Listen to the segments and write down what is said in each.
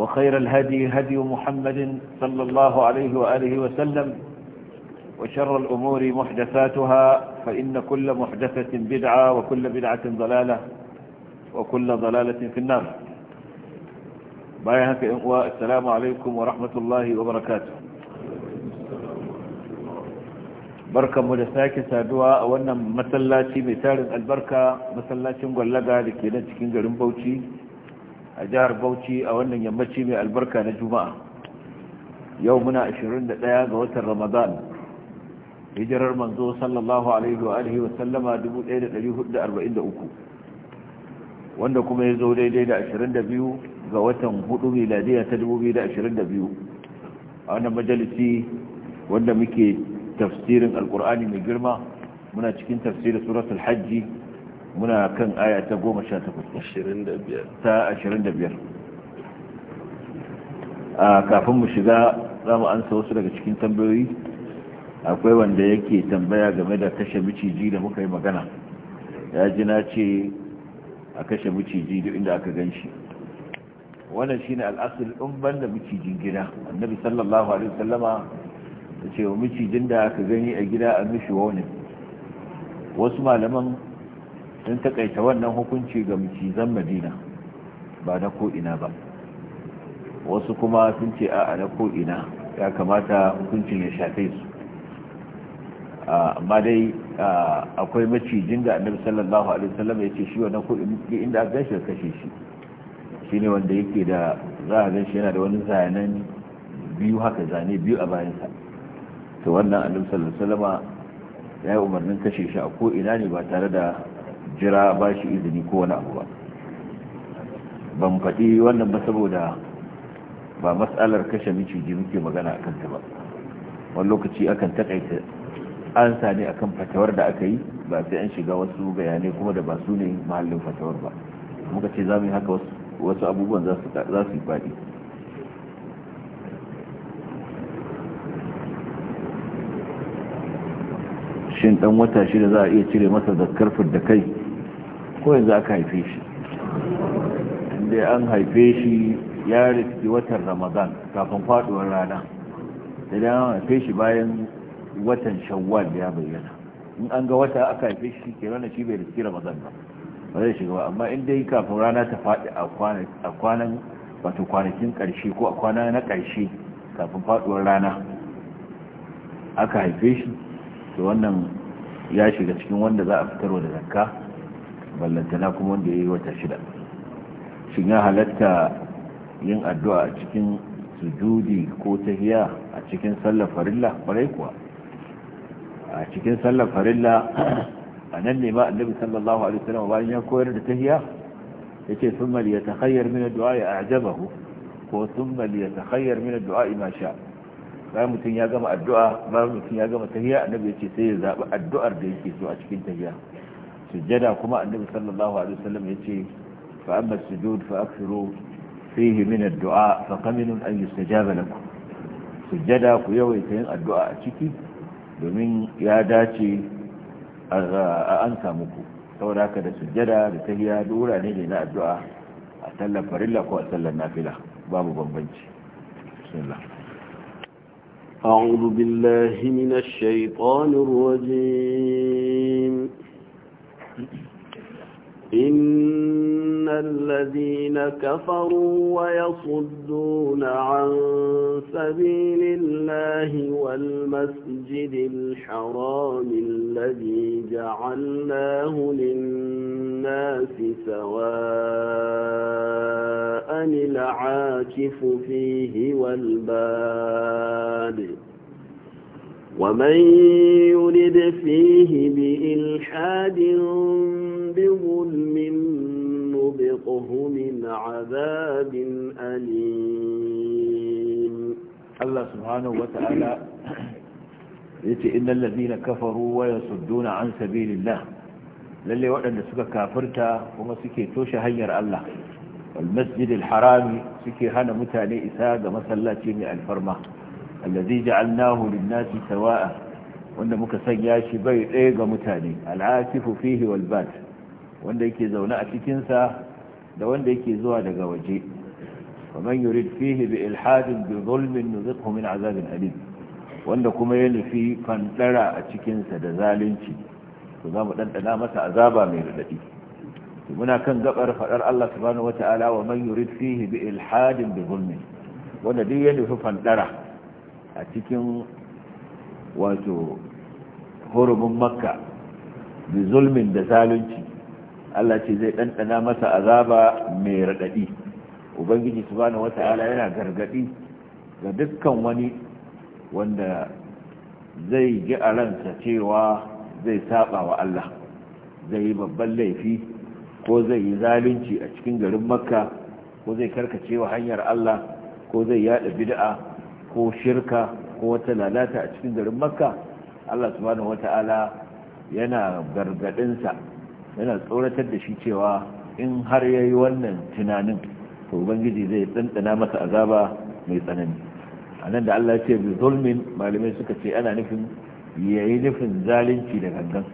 وخير الهدي هدي محمد صلى الله عليه وآله وسلم وشر الأمور محدثاتها فإن كل محدثة بدعة وكل بدعة ضلالة وكل ضلالة في النار بايهك إنقواء السلام عليكم ورحمة الله وبركاته بركة مدساك سادوا وانا مسلاتي مثال البركة مسلاتي مغلقة لكي نتكين جرمبوتي a jihar bauchi a wannan yammaci mai albarka na juma'a yau muna 21 ga watan ramadan hijirar manzo sallallahu alaihi wa alihi wa sallama 1443 wanda kuma ya zo daidai da 22 ga watan 4 miladiya ta 2022 a wannan majalisi wanda muke tafsirin alkur'ani mai girma muna cikin tafsirin suratul hajji muna kan aya ta goma sha takwas ta ashirin da biyar a kafin mu shiga za mu ansa wasu daga cikin tambayoyi akwai wanda yake tambaya game da kashe miciji da muka yi magana ya ji na ce a kashe miciji duk inda aka gan shi wannan shine al'asul in banda micijin gida annabi sallallahu alaihi wasallama ta ce wa micijin da aka gani a gida a mishi wani wasu malaman sun takaita wannan hukunci ga macizan madina ba na ko'ina ba wasu kuma sun ce a na ko'ina ya kamata hukuncin ya shafe su amma dai akwai macijin da annabi sallallahu alaihi wasallam ya ce shi wannan ko'ina inda aka gashi kashe shi shine wanda yake da za a gashi yana da wani zanen biyu haka zane biyu a bayansa to wannan annabi sallallahu alaihi wasallam ya yi umarnin kashe shi a ko'ina ne ba tare da jira ba shi izini ko wani abu ba ban faɗi wannan ba saboda ba matsalar kashe miciji muke magana a kanta ba wani lokaci akan takaita an sani akan fatawar da aka yi ba sai an shiga wasu bayanai kuma da ba su ne mahallin fatawar ba muka ce za mu yi haka wasu abubuwan za su yi faɗi shin dan wata shida za a iya cire masa zakkarfin da kai ko yanzu aka haife shi inda an haife shi ya rikki watan ramadan kafin faduwar rana idan an haife shi bayan watan shawwal ya bayyana in an ga wata aka haife shi ke rana shi bai rikki ramadan ba ba zai shiga ba amma in dai kafin rana ta faɗi a kwanan wato kwanakin ƙarshe ko a kwana na ƙarshe kafin faduwar rana aka haife shi to wannan ya shiga cikin wanda za a fitarwa da zakka ballantana kuma wanda ya yi wata shida shin ya halatta yin addu'a a cikin sujudi ko tahiya a cikin sallar farilla kwarai kuwa a cikin sallar farilla a nan ne ma annabi sallallahu alaihi wasallam bayan ya koyar da tahiya yace thumma liyatakhayyar min ad-du'a a'jabahu ko thumma liyatakhayyar min ad-du'a ma sha bayan mutum ya gama addu'a bayan mutum ya gama tahiya annabi yace sai ya zaba addu'ar da yake so a cikin tahiya sujjada kuma annabi sallallahu alaihi wasallam yace fa amma sujud fa akthiru fihi min ad-du'a fa qaminun an yustajaba lakum sujjada ku yawaita yin addu'a a ciki domin ya dace a an samu ku saboda haka da sujjada da tahiyya dora ne na addu'a a sallar farilla ko a sallar nafila babu bambanci bismillah أعوذ بالله من الشيطان الرجيم إن الذين كفروا ويصدون عن سبيل الله والمسجد الحرام الذي جعلناه للناس سواء العاكف فيه والبادئ ومن يرد فيه بإلحاد بظلم نبقه من عذاب أليم الله سبحانه وتعالى يتي إن الذين كفروا ويصدون عن سبيل الله للي وعند سكا كافرتا وما سكي توش هير الله والمسجد الحرامي سكي هانا متاني إساق مسلاتي من الفرمه allazi ja'alnahu lin-nasi sawa'a wanda muka sanya shi bai ɗaya ga mutane al'atifu fihi wal bat wanda yake zaune a cikin sa da wanda yake zuwa daga waje faman yurid fihi bi ilhadin bi zulmin nuziqhu min azabin alim wanda kuma ya nufi fandara a cikin sa da zalunci to za mu dandana masa azaba mai radadi muna kan gabar fadar Allah subhanahu wataala wa man yurid fihi bi ilhadin bi zulmin wanda duk ya nufi fandara a cikin wato hurumin makka da zulmin da zalunci Allah ce zai ɗanɗana masa azaba mai raɗaɗi ubangiji su wata wata'ala yana gargaɗi ga dukkan wani wanda zai ji a ransa cewa zai saba wa Allah zai yi babban laifi ko zai yi zalunci a cikin garin makka ko zai karkace wa hanyar Allah ko zai yaɗa bida'a. ko shirka ko wata lalata a cikin garin makka allah subhanahu wata'ala yana gargadinsa yana tsoratar da shi cewa in har ya yi wannan tunanin to ubangiji zai tsantsana masa azaba mai tsanani a nan da allah ce bi zulmin malamai suka ce ana nufin ya yi nufin zalunci da gangan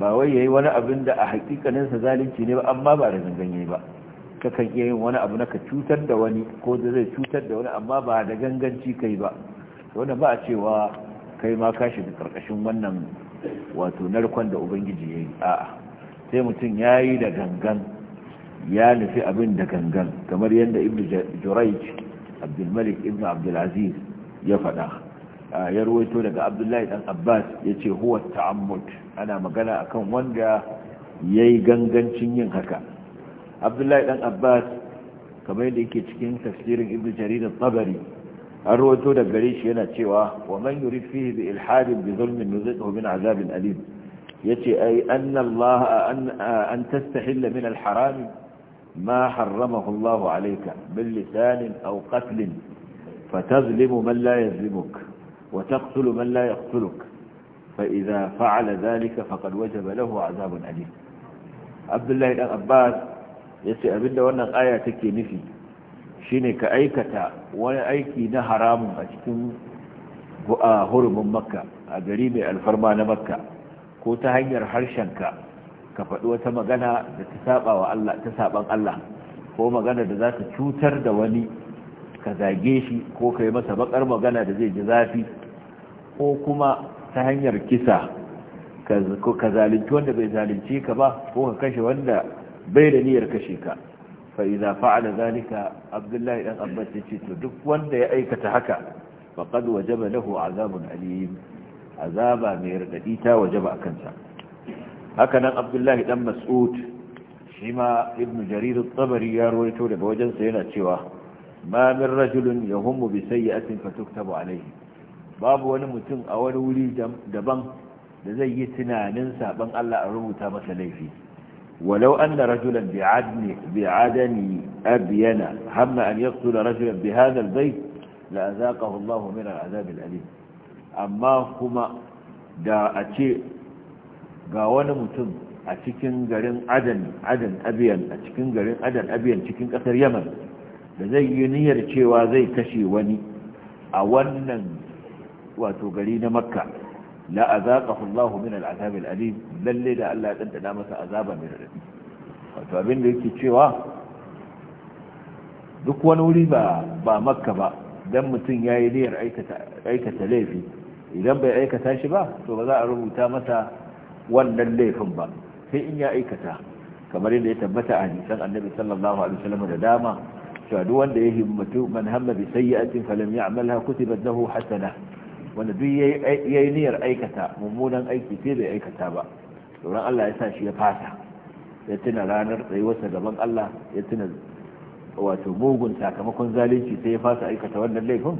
ba wai ya yi wani abin da a hakikaninsa zalunci ne ba amma ba da gangan ya yi ba kakan iya yin wani abu na ka cutar da wani ko da zai cutar da wani amma ba da ganganci kai ba wanda ba a cewa kai ma ka da karkashin wannan wato narkon da ubangiji ya yi a'a sai mutum ya yi da gangan ya nufi abin da gangan kamar yadda ibn jurayj abdulmalik ibn abdulaziz ya faɗa ya ruwaito daga abdullahi dan abbas ya ce huwa ta'ammud ana magana akan wanda ya yi gangancin yin haka abdullahi dan abbas kamar yadda yake cikin tafsirin ibnu jarir al-tabari an rawaito da gare shi yana cewa wa man yurid fihi bi ilhadin bi zulmin nuzihu min azabin alim yace ai anna allah an tastahilla min al-haram ma harramahu allah alayka bil lisan aw qatl fatazlimu man la yazlimuk wa taqtulu man la yaqtuluk فإذا فعل ذلك فقد وجب له عذاب أليم عبد الله بن عباس ya ce abinda wannan aya take nufi shine ka aikata wani aiki na haramun a cikin hurumin makka a gari mai alfarma na makka ko ta hanyar harshenka ka faɗi wata magana da ta saba Allah ta saban Allah ko magana da za ta cutar da wani ka zage shi ko ka yi masa bakar magana da zai ji zafi ko kuma ta hanyar kisa ka zalunci wanda bai zalunce ka ba ko ka kashe wanda bai da niyyar kashe ka fa idza fa'ala zalika abdullahi dan abbas yace to duk wanda ya aikata haka faqad wajaba lahu azabun alim azaba mai radadi ta wajaba akan sa haka nan abdullahi dan mas'ud shi ma ibn jarir at-tabari ya rawaito daga sa yana cewa ma min rajulin yahummu bi sayyi'atin fatuktabu alayhi babu wani mutum a wani wuri daban da zai yi tunanin saban Allah a rubuta masa laifi ولو أن رجلا بعدن بعدن أبين هم أن يقتل رجلا بهذا البيت لأذاقه الله من العذاب الأليم أما كما دا أتي قاوان متن أتكن قرن عدن عدن أبين أتكن قرن عدن أبين تكن قطر يمن لذي ينير شيوا زي كشي وني أولا واتو قرين مكة la azaqahu Allahu min al'azab al'alim lalle da Allah ya dandana masa azaba mai radadi wato abin da yake cewa duk wani wuri ba ba makka ba dan mutum yayi niyyar aikata aikata laifi idan bai aikata shi ba to ba za a rubuta masa wannan laifin ba sai in ya aikata kamar yadda ya tabbata a hanisan annabi sallallahu alaihi wasallam da dama cewa duk wanda ya himmatu man hamma bi sayyi'atin falam ya'malha kutibat lahu hasanah wanda duk yayi niyyar aikata mummunan aiki sai bai aikata ba tsoron Allah ya sa shi ya fasa ya tuna ranar tsayuwarsa gaban Allah ya tuna wato mugun sakamakon zalunci sai ya fasa aikata wannan laifin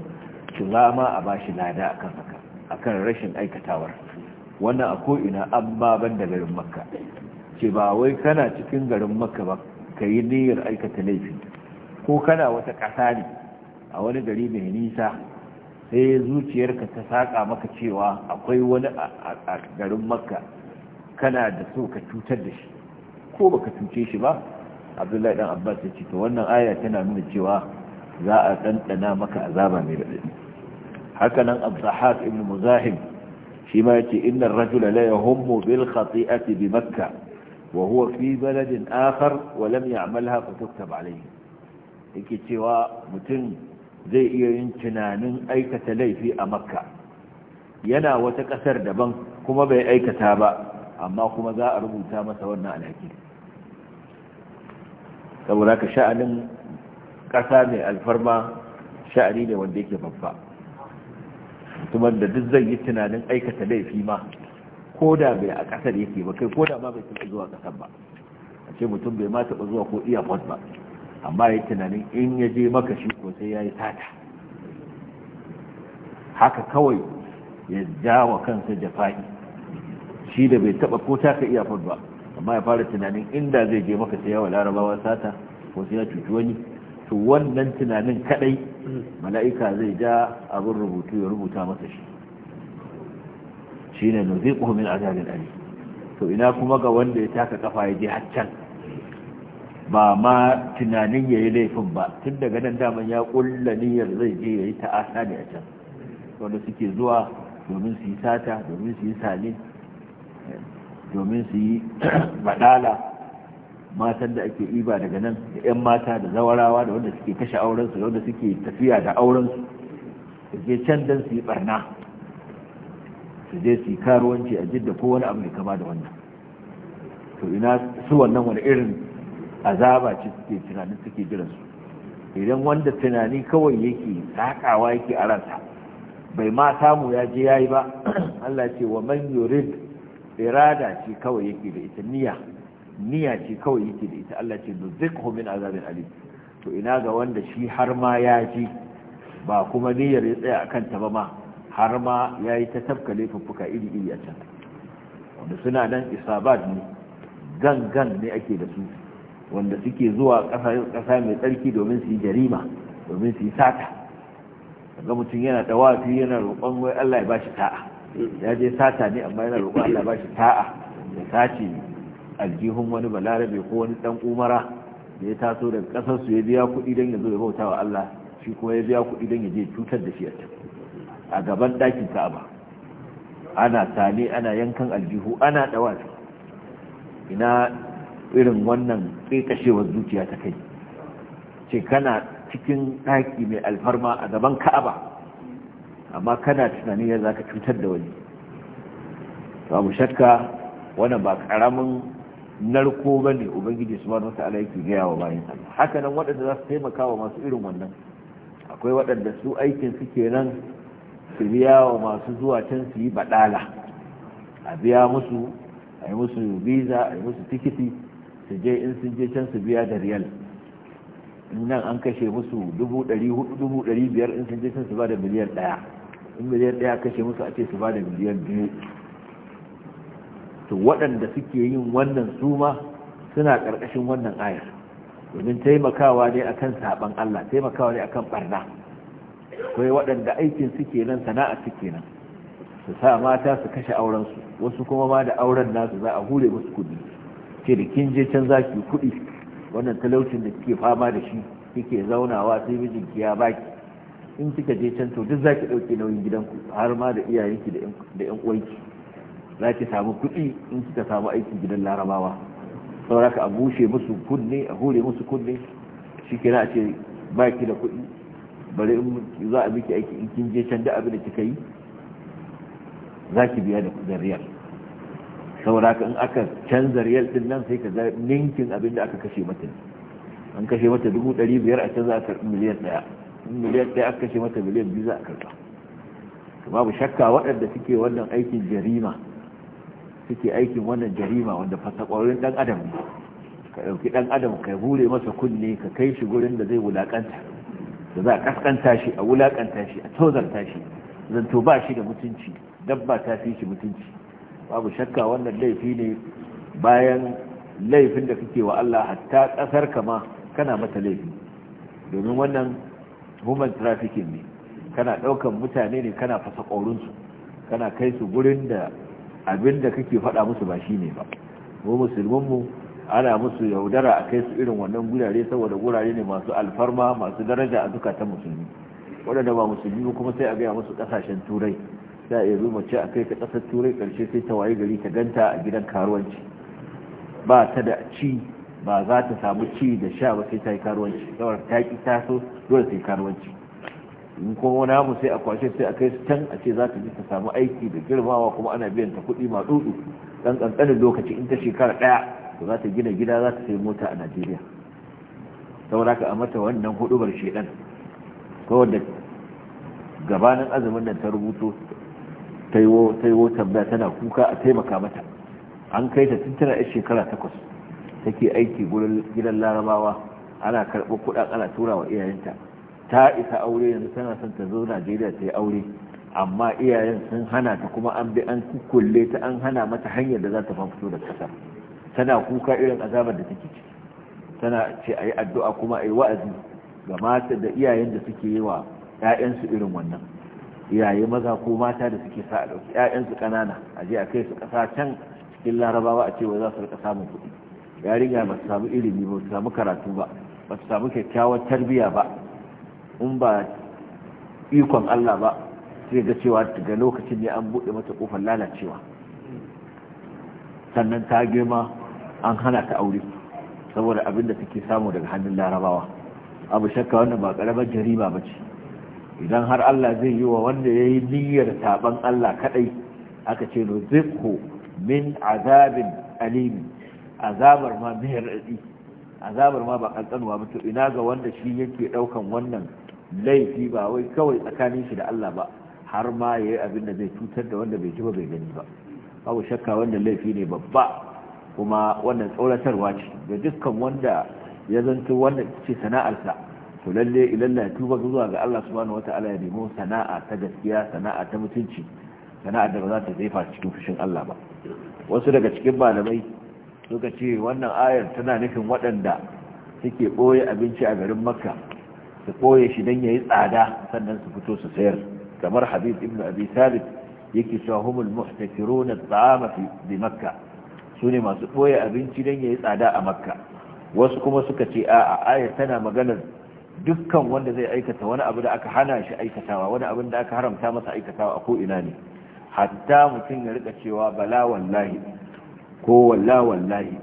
shi ma a bashi lada akan haka kan rashin aikatawar wannan a ko'ina amma ban da garin makka ce ba wai kana cikin garin makka ba ka yi niyyar aikata laifi ko kana wata ƙasa ne a wani gari mai nisa sai zuciyarka ta saƙa maka cewa akwai wani a garin makka kana da so ka cutar da shi ko baka cuce shi ba abdullahi dan abbas ya ce to wannan aya tana nuna cewa za a ɗanɗana maka azaba mai raɗaɗi haka nan abdahak ibn muzahim shi ma ya ce inna rajula la yahummu bil khati'ati bi makka wa huwa fi baladin akhar wa lam ya'malha fa tuktab alayhi yake cewa mutum zai iya yin tunanin aikata laifi a makka yana wata ƙasar daban kuma bai aikata ba amma kuma za a rubuta masa wannan alhaki saboda ka sha'anin ƙasa mai alfarma sha'ani ne wanda yake babba kuma da duk zai yi tunanin aikata laifi ma ko da bai a ƙasar yake ba kai ko da ma bai taɓa zuwa ƙasar ba a ce mutum bai ma taɓa zuwa ko iya ba amma ya tunanin in ya je maka shi ko sai ya yi sata haka kawai ya ja wa kansa jafa'i shi da bai taba ko taka iyafar ba amma ya fara tunanin inda zai je maka sai yawa larabawa sata ko sai ya cuci wani to wannan tunanin kadai mala'ika zai ja abin rubutu ya rubuta masa shi shine nuziquhu min azabin alim to ina kuma ga wanda ya taka kafa ya je haccan ba ma tunanin ya yi laifin ba tun daga nan daman ya kulla niyyar zai je ya yi ta'asa ne a can wanda suke zuwa domin su yi sata domin su yi sale domin su yi badala matan da ake iba daga nan da 'yan mata da zawarawa da wanda suke kashe aurensu da wanda suke tafiya da aurensu su je can don su yi barna su je su yi karuwanci a jidda ko wani abu mai kama da wannan to ina su wannan wani irin azaba ce suke tunanin suke su, idan wanda tunani kawai yake takawa yake a ransa bai ma samu ya je yayi ba Allah ce wa man yurid irada ce kawai yake da ita niyya niyya ce kawai yake da ita Allah ce nuzikhu min azabin alim to ina ga wanda shi har ma ya ji ba kuma niyyar ya tsaya akan ta ba ma har ma ya yi ta tafka laifuffuka iri iri a can wanda suna nan isabat ne gangan ne ake da su wanda suke zuwa ƙasa mai tsarki domin su yi jarima domin su yi sata ga mutum yana wafi yana roƙon wai Allah ya ba shi ta'a ya je sata ne amma yana roƙon Allah ya ba shi ta'a ya sace aljihun wani balarabe ko wani ɗan umara da ya taso daga ƙasar su ya biya kuɗi don ya zo ya bauta wa Allah shi kuma ya biya kuɗi don ya je cutar da shi a a gaban ɗakin Ka'aba ana sane ana yankan aljihu ana wafi ina irin wannan ƙeƙashewar zuciya ta kai ce kana cikin ɗaki mai alfarma a gaban ka'aba amma kana tunani ya za ka cutar da wani babu shakka wani ba ƙaramin narko ba ne ubangiji su manu wata alaiki gaya wa bayan allah haka nan waɗanda za su taimaka wa masu irin wannan akwai waɗanda su aikin su nan su biya wa masu zuwa can su yi baɗala a biya musu a yi musu visa a yi musu tikiti su je in sun je can su biya da riyal nan an kashe musu dubu ɗari hudu dubu ɗari biyar in sun je can su ba da miliyan ɗaya in miliyan ɗaya kashe musu a ce su ba da miliyan biyu to waɗanda suke yin wannan su ma suna ƙarƙashin wannan ayar domin taimakawa ne akan saɓan Allah taimakawa ne akan ɓarna akwai waɗanda aikin suke nan sana'a suke nan su sa mata su kashe aurensu wasu kuma ma da auren nasu za a hure musu kuɗi ce da kin je can zaki kuɗi wannan talaucin da kike fama da shi kike zaunawa sai mijinki ya baki in kika je can to duk zaki ɗauke nauyin gidanku har ma da iyayenki da yan uwanki za ki samu kuɗi in kika samu aikin gidan larabawa ka a bushe musu kunne a hure musu kunne shi kira a ce baki da kuɗi bari in za a miki aiki in kin je can da abin da kika yi za ki biya da riyal saboda in aka canza riyal din nan sai ka ga ninkin abin da aka kashe mata an kashe mata dubu ɗari biyar a can za a karɓi miliyan ɗaya miliyan ɗaya aka kashe mata miliyan biyu za a karɓa babu shakka waɗanda suke wannan aikin jarima suke aikin wannan jarima wanda fasakwarin ɗan adam ne ka ɗauki ɗan adam ka hure masa kunne ka kai shi gurin da zai wulaƙanta da za a ƙasƙanta shi a wulaƙanta shi a tozarta shi zanto ba shi da mutunci dabba ta fi shi mutunci babu shakka wannan laifi ne bayan laifin da kake wa Allah hatta kasar kama kana mata laifi domin wannan human trafficking ne kana daukan mutane ne kana fasa su kana kai su gurin da abin da kake faɗa musu ba shi ne ba mu musulmanmu ana musu yaudara a kai su irin wannan gurare saboda gurare ne masu alfarma masu daraja a zukatan musulmi waɗanda ba musulmi kuma sai a gaya musu kasashen turai sai ya zo mace a kai ta ƙasar turai ƙarshe sai ta waye gari ta ganta a gidan karuwanci ba ta da ci ba za ta samu ci da sha ba sai ta yi karuwanci kawar ta ki taso dole sai karuwanci in kuma wani hamu sai a kwashe sai a kai su can a ce za ta ji ta samu aiki da girmawa kuma ana biyan ta kuɗi ma dudu dan kankanin lokaci in ta shekara ɗaya to za ta gina gida za ta sai mota a najeriya saboda ka a mata wannan hudubar shedan ko wanda gabanin azumin nan ta rubuto taiwo taiwo tambaya tana kuka a taimaka mata an kai ta tun tana shekara takwas take aiki gurin gidan larabawa ana karɓar kuɗa ana tura wa iyayenta ta isa aure yanzu tana son ta zo najeriya ta yi aure amma iyayen sun hana ta kuma an bi an kulle ta an hana mata hanyar da za ta fito da ƙasa tana kuka irin azabar da take ciki tana ce a yi addu'a kuma a yi wa'azi ga mata da iyayen da suke yi wa 'ya'yansu irin wannan iyaye maza ko mata da suke sa a ɗauki su ƙanana a je a kai su ƙasa can cikin larabawa a cewa za su rika samun kuɗi yarinya ba su samu ilimi ba su samu karatu ba ba su samu kyakkyawar tarbiyya ba in ba ikon Allah ba sai ga cewa daga lokacin ne an buɗe mata ƙofar lalacewa sannan ta girma an hana ta aure saboda abin da take samu daga hannun larabawa abu shakka wannan ba ƙaramar jarima ba ce idan har Allah zai yi wa wanda ya yi niyyar saban Allah kaɗai aka ce nuzikhu min azabin alimi azabar ma mai raɗi azabar ma ba kankanuwa ba to ina ga wanda shi yake ɗaukan wannan laifi ba wai kawai tsakanin shi da Allah ba har ma yi abin da zai cutar da wanda bai ji ba bai gani ba babu shakka wanda laifi ne babba kuma wannan tsoratarwa ce ga dukkan wanda ya zanto wannan ce sana'arsa to lalle idan na tuba zuwa ga Allah subhanahu wata'ala ya nemo sana'a ta gaskiya sana'a ta mutunci sana'a da ba za ta zefa cikin fushin Allah ba wasu daga cikin malamai suka ce wannan ayar tana nufin waɗanda suke ɓoye abinci a garin makka su ɓoye shi don ya yi tsada sannan su fito su sayar kamar habib ibn abi talib yake cewa humul muhtakiruna tsama fi makka su ne masu ɓoye abinci don ya yi tsada a makka wasu kuma suka ce a'a ayar tana maganar dukkan wanda zai aikata wani abu da aka hana shi aikatawa wani abin da aka haramta masa aikatawa a ko ina ne hatta mutum ya rika cewa bala wallahi ko walla wallahi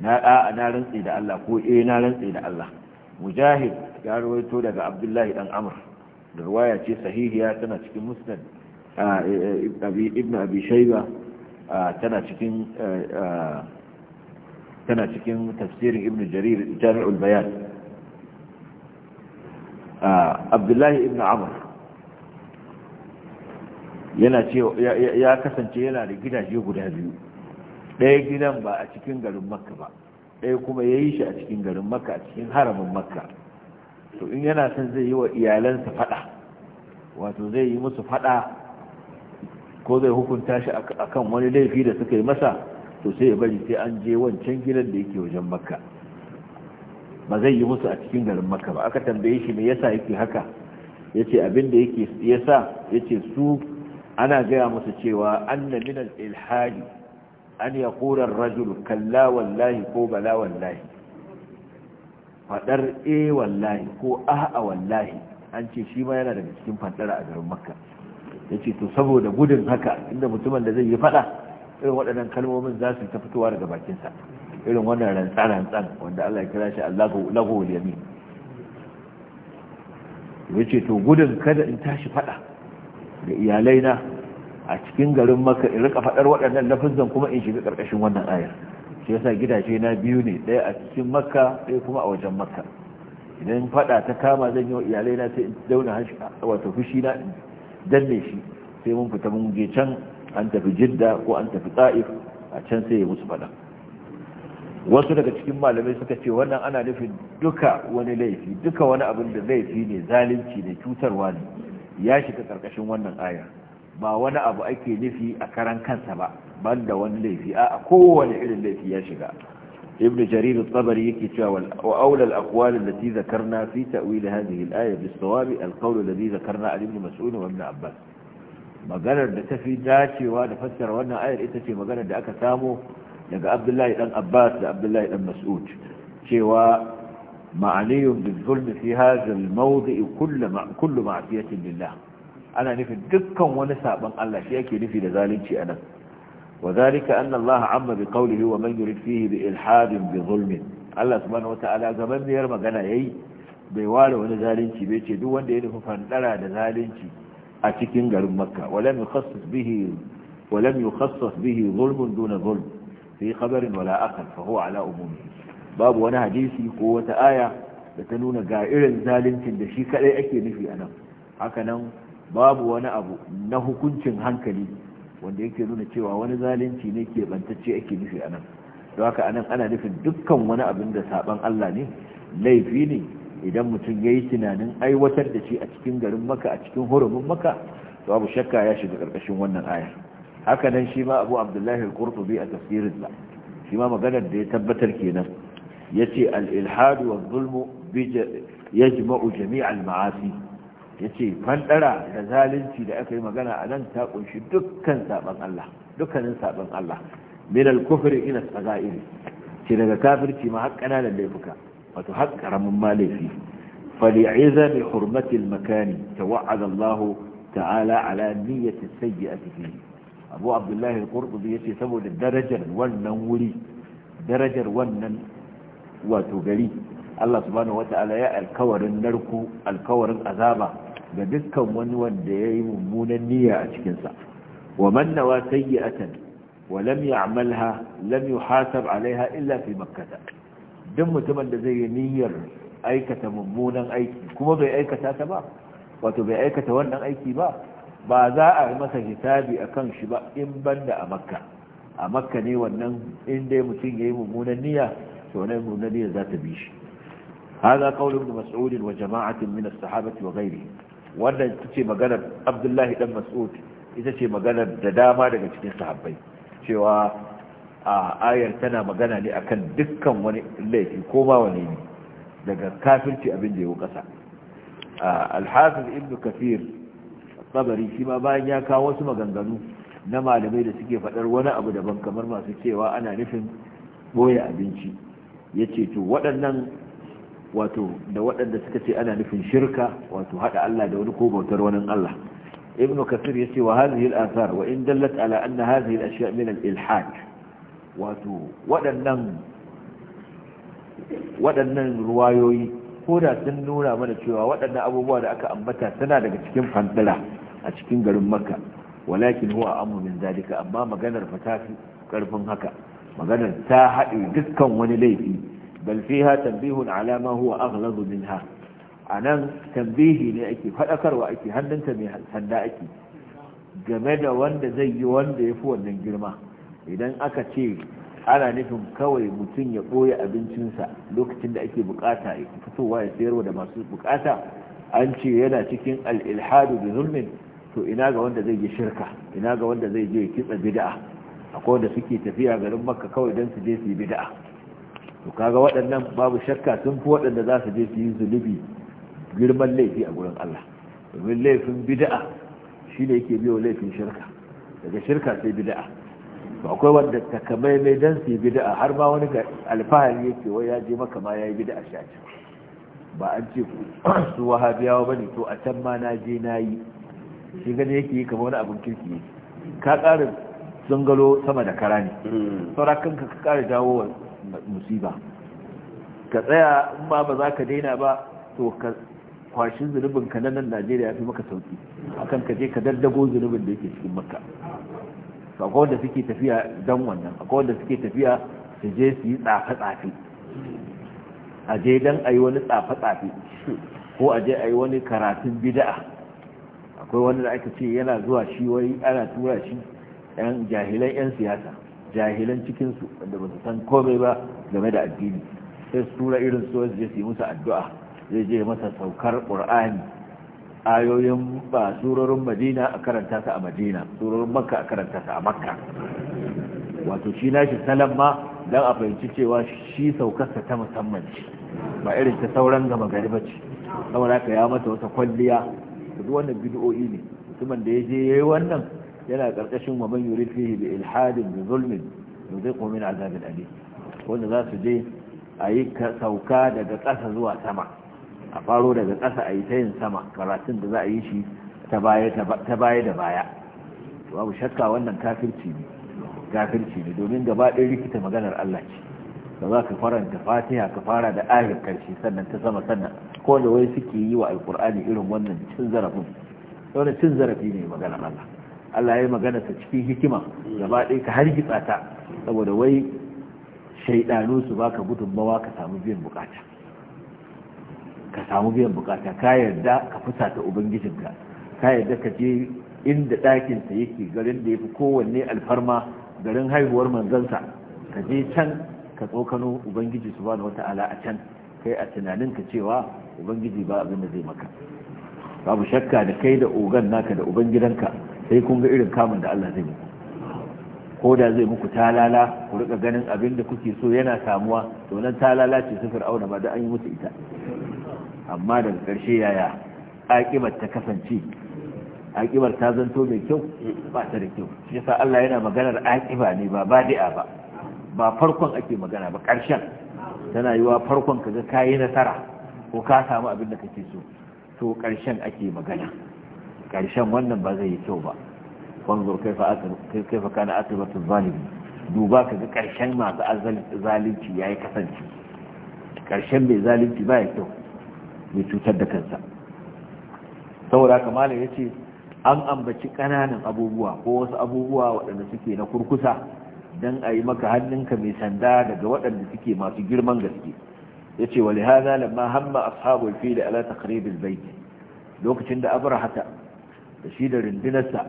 na da'a na rantsi da Allah ko e na rantsi da Allah mujahid ya rawaito daga abdullahi dan amr da ce sahihiya tana cikin musnad ibn abi tana cikin tana cikin tafsirin ibn jarir jami'ul bayan abdullahi ibn عمر yana ce ya kasance yana da gidaje guda biyu ɗaya gidan ba a cikin garin makka ba ɗaya kuma ya yi shi a cikin garin makka a cikin haramin makka to in yana son zai yi wa iyalansa fada wato zai yi musu fada ko zai hukunta shi akan wani laifi da suka yi masa to sai ya bari sai an je wancan gidan da yake wajen makka ba zai yi musu a cikin garin maka ba aka tambaye shi me yasa yake haka yace abin da yake yasa yace su ana gaya musu cewa an min al an ya ar-rajul kalla wallahi ko bala wallahi faɗar eh wallahi ko a'a wallahi an ce shi ma yana daga cikin faɗara a garin makka yace to saboda gudun haka inda mutumin da zai yi faɗa irin waɗannan kalmomin za su ta fitowa daga bakinsa irin wannan rantsa-rantsan wanda Allah ya kira shi Allahu yamin yace to gudun kada in tashi fada iyalai iyalaina a cikin garin maka in rika fadar waɗannan lafazan kuma in shiga karkashin wannan ayar shi yasa gidaje na biyu ne ɗaya a cikin makka ɗaya kuma a wajen makka idan fada ta kama zan yi wa na sai in dauna wato fushi na danne shi sai mun fita mun je can an tafi jidda ko an tafi ta'if a can sai ya musu fada wasu daga cikin malamai suka ce wannan ana nufin duka wani laifi duka wani abin da laifi ne zalunci ne cutarwa ne ya shiga karkashin wannan aya ba wani abu ake nufi a karan kansa ba ban da wani laifi a kowane irin laifi ya shiga ibn jarir al-tabari yake cewa wa aula al-aqwal allati dhakarna fi ta'wil hadhihi al-aya bis-sawab al-qawl alladhi dhakarna an ibn mas'ud wa ibn abbas maganar da tafi dacewa da fassara wannan ayar ita ce maganar da aka samu daga abdullahi dan abbas da abdullahi dan mas'ud cewa ma'aniyun bil zulmi fi hadha al mawdi' kullu kullu ma'siyatin lillah ana nufin dukkan wani saban Allah shi yake nufi da zalunci anan وذلك أن الله عم بقوله ومن يريد فيه بإلحاد Allah الله سبحانه وتعالى غمن miyar magana yayi bai ware wani zalunci bai ce duk wanda ya nufi fandara da zalunci a cikin garin Makka walam yukhassas bihi walam yukhassas bihi zulmun duna zulm sai kabarin wala akan fa huwa ala umumi babu wani hadisi ko wata aya da ta nuna ga irin zaluncin da shi kadai ake nufi anan hakanan babu wani abu na hukuncin hankali wanda yake nuna cewa wani zalunci ne ke bantacce ake nufi anan don haka anan ana nufin dukkan wani abin da saban Allah ne laifi ne idan mutum ya yi tunanin aiwatar da shi a cikin garin maka a cikin hurumin maka babu shakka ya shiga ƙarƙashin wannan ayar haka nan shi ma abu abdullahi al-qurtubi a tafsirin sa shi ma maganar da ya tabbatar kenan yace al ilhadu wa zulmu yajma'u jami' al-ma'asi yace fandara da zalunci da aka yi magana a nan ta kunshi dukkan saban Allah dukkanin saban Allah min al-kufri ila al-sagha'ir ce daga kafirci ma har kananan laifuka wato har karamin ma laifi فلعظم حرمة المكان توعد الله تعالى على نية السيئة فيه abu abdullahi al-qurtubi yace saboda darajar wannan wuri darajar wannan wato gari Allah subhanahu wata'ala ya alkawarin narko alkawarin azaba ga dukkan wani wanda yayi mummunan niyya a cikin sa wa man nawa sayyi'atan wa lam ya'malha lam yuhasab 'alayha illa fi makkah duk mutumin da zai yi niyyar aikata mummunan aiki kuma bai aikata ta ba wato bai aikata wannan aiki ba ba za a yi masa hisabi a kan shi ba in banda a makka a makka ne wannan inda mutum ya yi mummunan niyya to na mummunan niyya za ta bi shi هذا قول ابن مسعود وجماعة من wa وغيره wannan ita ce maganar abdullahi dan mas'ud ita ce maganar da dama daga cikin sahabbai cewa a ayar tana magana ne akan dukkan wani laifi ko ma wani ne daga kafirci abin da ya yi sa al-hafiz ibn kathir tsabari shi ma bayan ya kawo wasu maganganu na malamai da suke faɗar wani abu daban kamar masu cewa ana nufin ɓoye abinci ya ce to waɗannan wato da waɗanda suka ce ana nufin shirka wato haɗa Allah da wani ko bautar wani Allah ibn kasir ya ce wa hadhihi al-athar wa in dallat ala anna hadhihi al-ashya' min al-ilhad wato waɗannan waɗannan ruwayoyi ko da sun nuna mana cewa waɗannan abubuwa da aka ambata suna daga cikin fandila a cikin garin makka walakin huwa amu min zalika amma maganar fa ta fi karfin haka maganar ta haɗe dukkan wani laifi bal fiha tanbihun ala ma huwa aghladu minha anan tambihi ne ake faɗakarwa ake hannunta mai sanda ake game da wanda zai yi wanda ya fi wannan girma idan aka ce ana nufin kawai mutum ya ɓoye abincinsa lokacin da ake bukata ya fitowa ya sayarwa da masu bukata an ce yana cikin al'ilhadu da zulmin to ina ga wanda zai yi shirka ina ga wanda zai je kitsa bid'a akwai wanda suke tafiya garin makka kawai don su je su bid'a to kaga waɗannan babu shakka sun fi waɗanda za su je su yi zunubi girman laifi a gurin Allah domin laifin bid'a shine yake biyo laifin shirka daga shirka sai bid'a to akwai wanda takamaimai dan su yi bid'a har ma wani ga alfahari yake wai ya je maka ma yayi yi bid'a shaci ba an ce su wahabiyawa bane to a can ma na je na yi shi gani yake yi kama wani abin kirki ne ka ƙara zangalo sama da kara ne mm. saura kanka ka ƙara jawo wa musiba ka tsaya ba ba za ka daina ba to ka kwashi zunubin ka nan najeriya fi maka sauki akan ka je ka daddago zunubin da yake cikin maka akwai wanda suke tafiya don wannan akwai wanda suke tafiya su je su yi tsafe-tsafe a je don a yi wani tsafe-tsafe hmm. ko a je a yi wani karatun bida'a akwai wanda da aka ce yana zuwa shi wai ana tura shi yan jahilan yan siyasa jahilan cikin su wanda ba su san komai ba game da addini sai su tura irin su je su yi musu addu'a zai je masa saukar qur'ani ayoyin ba surorin madina a karanta su a madina surorin makka a karanta su a makka wato shi shi salam ma don a fahimci cewa shi saukarsa ta musamman ba irin ta sauran gama gari ba ce saboda ka ya mata wata kwalliya duk wannan bid'o'i ne mutumin da ya je yayi wannan yana karkashin wa man yurid fihi bi ilhadin bi zulmin yuziqu min azabin alim wanda za su je a yi sauka daga ƙasa zuwa sama a faro daga ƙasa a yi ta yin sama karatun da za a yi shi ta baya da baya babu shakka wannan kafirci ne kafirci ne domin gaba ɗaya rikita maganar Allah ce ba za ka faranta fatiha ka fara da ahir karshe sannan ta sama sannan ko da wai suke yi wa alkur'ani irin wannan cin zarafin wani cin zarafi ne magana Allah Allah ya magana ta cikin hikima gaba ɗaya ka har ta saboda wai shaidanu su baka gudunmawa ka samu biyan bukata ka samu biyan bukata ka yarda ka fusata ubangijinka ka yarda ka je inda ɗakin sa yake garin da ya fi kowanne alfarma garin haihuwar manzansa ka je can ka tsokano ubangiji su da wata ala a can kai a tunaninka cewa ubangiji ba abin da zai maka babu shakka da kai da ogan naka da ubangidanka sai kun ga irin kamun da Allah zai muku ko da zai muku talala ku rika ganin abin da kuke so yana samuwa to nan talala ce su fir'auna ba da an yi musu ita amma daga ƙarshe yaya aƙibar ta kasance aƙibar ta zanto mai kyau ba ta da kyau shi yasa Allah yana maganar aƙiba ne ba badi'a ba ba farkon ake magana ba ƙarshen tana yiwa farkon ka kaga kayi nasara ko ka samu abin da kake so to ƙarshen ake magana ƙarshen wannan ba zai yi kyau ba wanzur fa kana akibatu zalimi duba ka ga ƙarshen masu zalunci ya yi kasance ƙarshen mai zalunci ba ya kyau mai cutar da kansa saboda kamala ya ce an ambaci ƙananan abubuwa ko wasu abubuwa waɗanda suke na kurkusa don a yi maka hannunka mai sanda daga waɗanda suke masu girman gaske yace wa lihada lamma hamma ashabul fil ala taqrib albayt lokacin da abrahata da shi da rindinarsa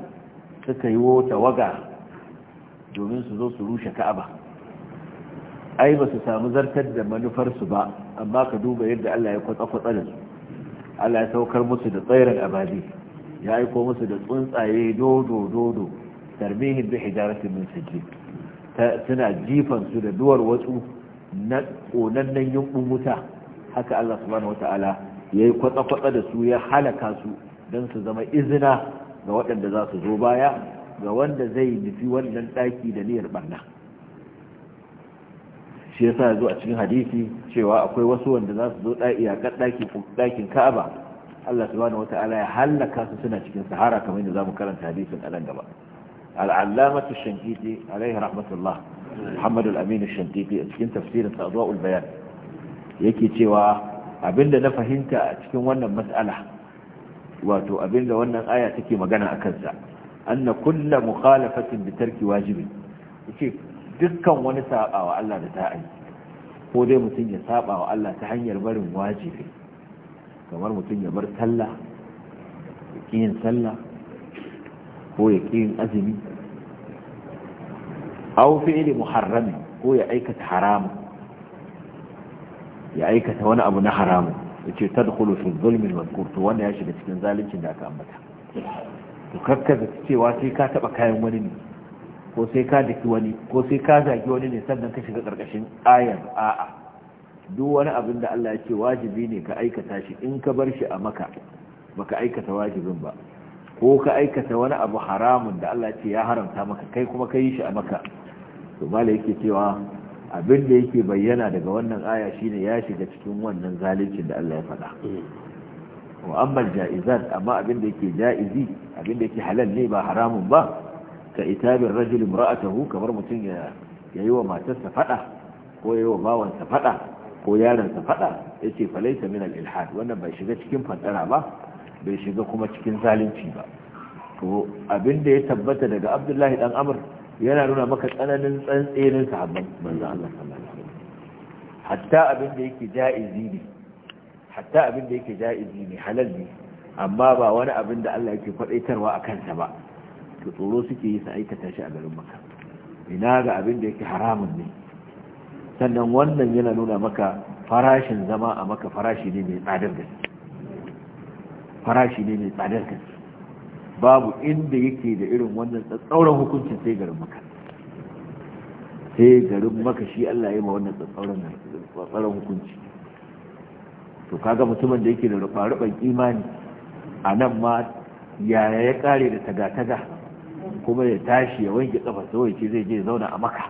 suka yi wata waga domin su zo su rushe ka'aba ai ba su samu zartar da manufarsu ba amma ka duba yadda Allah ya kwatsa-kwatsa da su Allah ya saukar musu da tsairin abadi ya aiko musu da tsuntsaye dodo dodo tarmihin bi hijaratin min sijjid suna jifan su da duwar watsu na konannen yankun wuta haka Allah subhanahu ya yi kwatsa-kwatsa da su ya halaka su don su zama izina ga waɗanda za su zo baya ga wanda zai nufi wannan ɗaki da niyyar barna shi yasa zo a cikin hadisi cewa akwai wasu wanda za su zo iyakar ɗakin ka'aba Allah subhanahu ya halaka su suna cikin sahara kamar yadda zamu karanta hadisin a nan gaba al-allamatu shankiti alaihi rahmatullah Muhammadu al-Amin shantifi a cikin tafsirin Adwa'ul Bayan yake cewa abinda na fahimta a cikin wannan mas'ala wato abinda wannan aya take magana a kansa anna kullu mukhalafatin bi tarki wajibi yake dukkan wani sabawa Allah da ta yi ko dai mutum ya saba wa Allah ta hanyar barin wajibi kamar mutum ya bar sallah ya yin sallah ko ya azumi aw fi'li muharrami ko ya aikata haramu ya aikata wani abu na haramu yace tadkhulu fi dhulmi al kurtu wanda ya shiga cikin zalincin da aka ambata to kakkaza cewa sai ka taba kayan wani ne ko sai ka daki wani ko sai ka zagi wani ne sannan ka shiga karkashin ayar a'a duk wani abin da Allah ya ce wajibi ne ka aikata shi in ka bar shi a maka baka aikata wajibin ba ko ka aikata wani abu haramun da Allah ya ce ya haramta maka kai kuma ka yi shi a maka to mala yake cewa abin da yake bayyana daga wannan aya shine ya shiga cikin wannan zaluncin da Allah ya faɗa wa amma ja'izat amma abin da yake ja'izi abin da yake halal ne ba haramun ba ka itabin rajul imra'atahu kamar mutum ya yayi wa matarsa fada ko yayi wa bawansa fada ko yaransa fada yace fa laysa min al-ilhad wannan bai shiga cikin fadara ba bai shiga kuma cikin zalunci ba to abin da ya tabbata daga Abdullahi dan Amr yana nuna maka tsananin tsantsenin sahabban manzon Allah sallallahu alaihi hatta abin da yake ja'izi ne hatta abin da yake ja'izi ne halal ne amma ba wani abin da Allah yake kwadaitarwa a kansa ba to tsoro suke yi su aikata shi a garin maka ina ga abin da yake haramun ne sannan wannan yana nuna maka farashin zama a maka farashi ne mai tsadar gaske farashi ne mai tsadar gaske babu inda yake da irin wannan tsatsauran hukuncin sai garin maka sai garin maka shi Allah ya yi ma wannan tsatsauran hukunci to kaga mutumin da yake da ruɓa imani a nan ma yaya ya kare da taga-taga kuma ya tashi ya wanke kafa sai ce zai je zauna a maka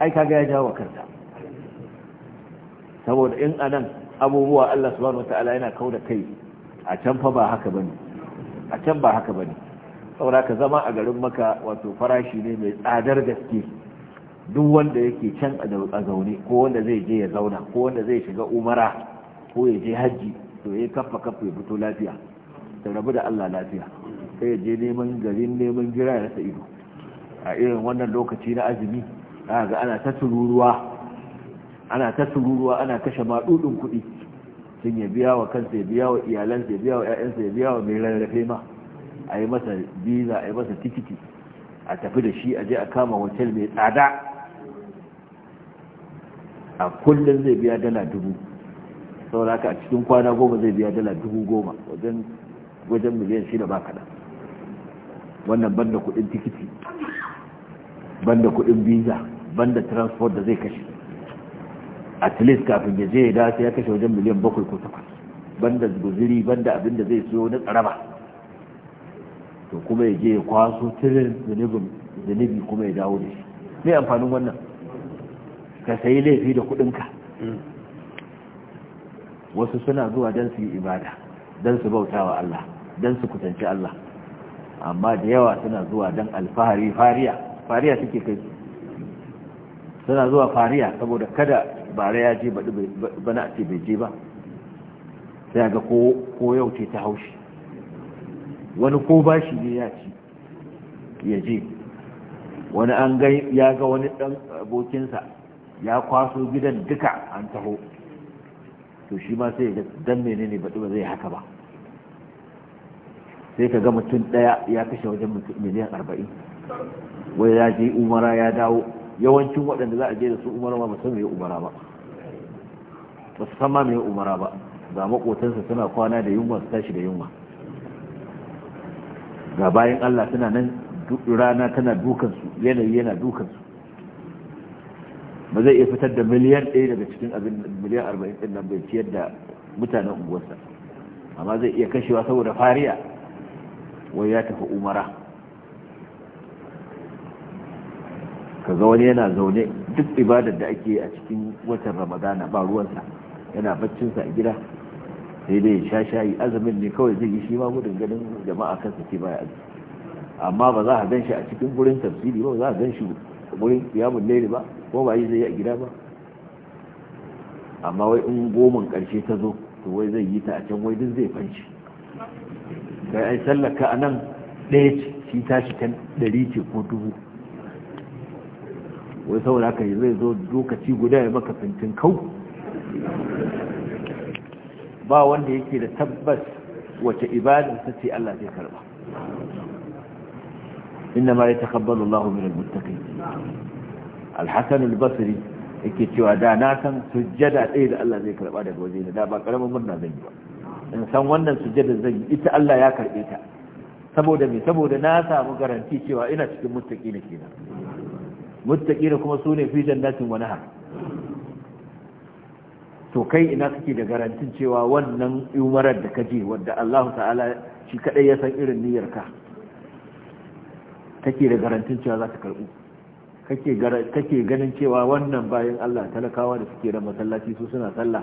ai kaga ya jawo kanta saboda in anan abubuwa Allah subhanahu wataala yana kauda kai a can fa ba haka bane a can ba haka ba ne saboda ka zama a garin maka wato farashi ne mai tsadar gaske duk wanda yake can a zaune ko wanda zai je ya zauna ko wanda zai shiga umara ko ya je hajji to ya kafa kafa ya fito lafiya da rabu da Allah lafiya sai ya je neman garin neman jira ya rasa ido a irin wannan lokaci na azumi ga ana ta ana ta tururuwa ana kashe maɗuɗin kuɗi mutum ya biya wa kansa ya biya wa iyalansa ya biya wa ƴaƴansa ya biya wa mai rarrafe ma a yi masa biza a yi masa tikiti a tafi da shi a je a kama hotel mai tsada a kullum zai biya dala dubu saboda haka a cikin kwana goma zai biya dala dubu goma wajen wajen miliyan shida ba kaɗan wannan banda kuɗin tikiti banda kuɗin biza banda transport da zai kashe at least kafin ya je da sai ya kashe wajen miliyan bakwai ko takwas banda guziri banda abin da zai siyo na tsaraba to kuma ya je ya kwaso tirin zunubi kuma ya dawo da shi mai amfanin wannan ka sayi laifi da kudinka wasu suna zuwa don su yi ibada don su bauta wa Allah don su kusanci Allah amma da yawa suna zuwa don alfahari fariya fariya suke kai suna zuwa fariya saboda kada bare ya je bana na ce bai je ba sai ga ko yau ce ta haushi wani ko ba shi ne ya ci ya je wani an gai ya ga wani ɗan abokinsa ya kwaso gidan duka an taho to shi ma sai ga dan ne ba ba zai haka ba sai ka ga mutum ɗaya ya kashe wajen miliyan arba'in wai ya je umara ya dawo yawancin waɗanda za a je da su umara ba san mai umara ba ba su san ma mai umara ba ga makotansa suna kwana da yunwa su tashi da yunwa ga bayan Allah suna nan rana tana dukan su yanayi yana dukan su. ba zai iya fitar da miliyan ɗaya daga cikin abin miliyan arba'in ɗin nan bai ciyar da mutanen unguwarsa amma zai iya kashewa saboda fariya wai ya tafi umara ga wani yana zaune duk ibadar da ake a cikin watan ramadana ba ruwansa yana baccinsa a gida sai dai sha shayi azumin ne kawai zai yi shi ma gudun ganin jama'a kansa ce baya azumi amma ba za a gan shi a cikin gurin tafsiri ba za a gan shi gurin kiyamun laili ba ko ba yi zai yi a gida ba amma wai in goman karshe ta zo to wai zai yi ta a can wai duk zai fanci kai ai sallaka a nan ɗaya ce shi tashi kan ɗari ce ko dubu wai saboda haka zai zo lokaci guda ya maka fintin kau ba wanda yake da tabbas wace ibada ta ce Allah zai karba inna ma yatakabbalu Allah min al-muttaqin al-Hasan al-Basri yake cewa da na san sujjada ɗaya da Allah zai karba daga waje da ba karamin murna zan yi ba in san wannan sujjada zan yi ita Allah ya karbe ta saboda me saboda na samu garanti cewa ina cikin muttaqi ne kenan muttaqina kuma su ne fi jannatin wa nahar to kai ina kake da garantin cewa wannan umarar da kaje wanda Allah ta'ala shi kadai ya san irin niyyarka kake da garantin cewa za ta karbu kake ganin cewa wannan bayan Allah talakawa da suke da masallaci su suna sallah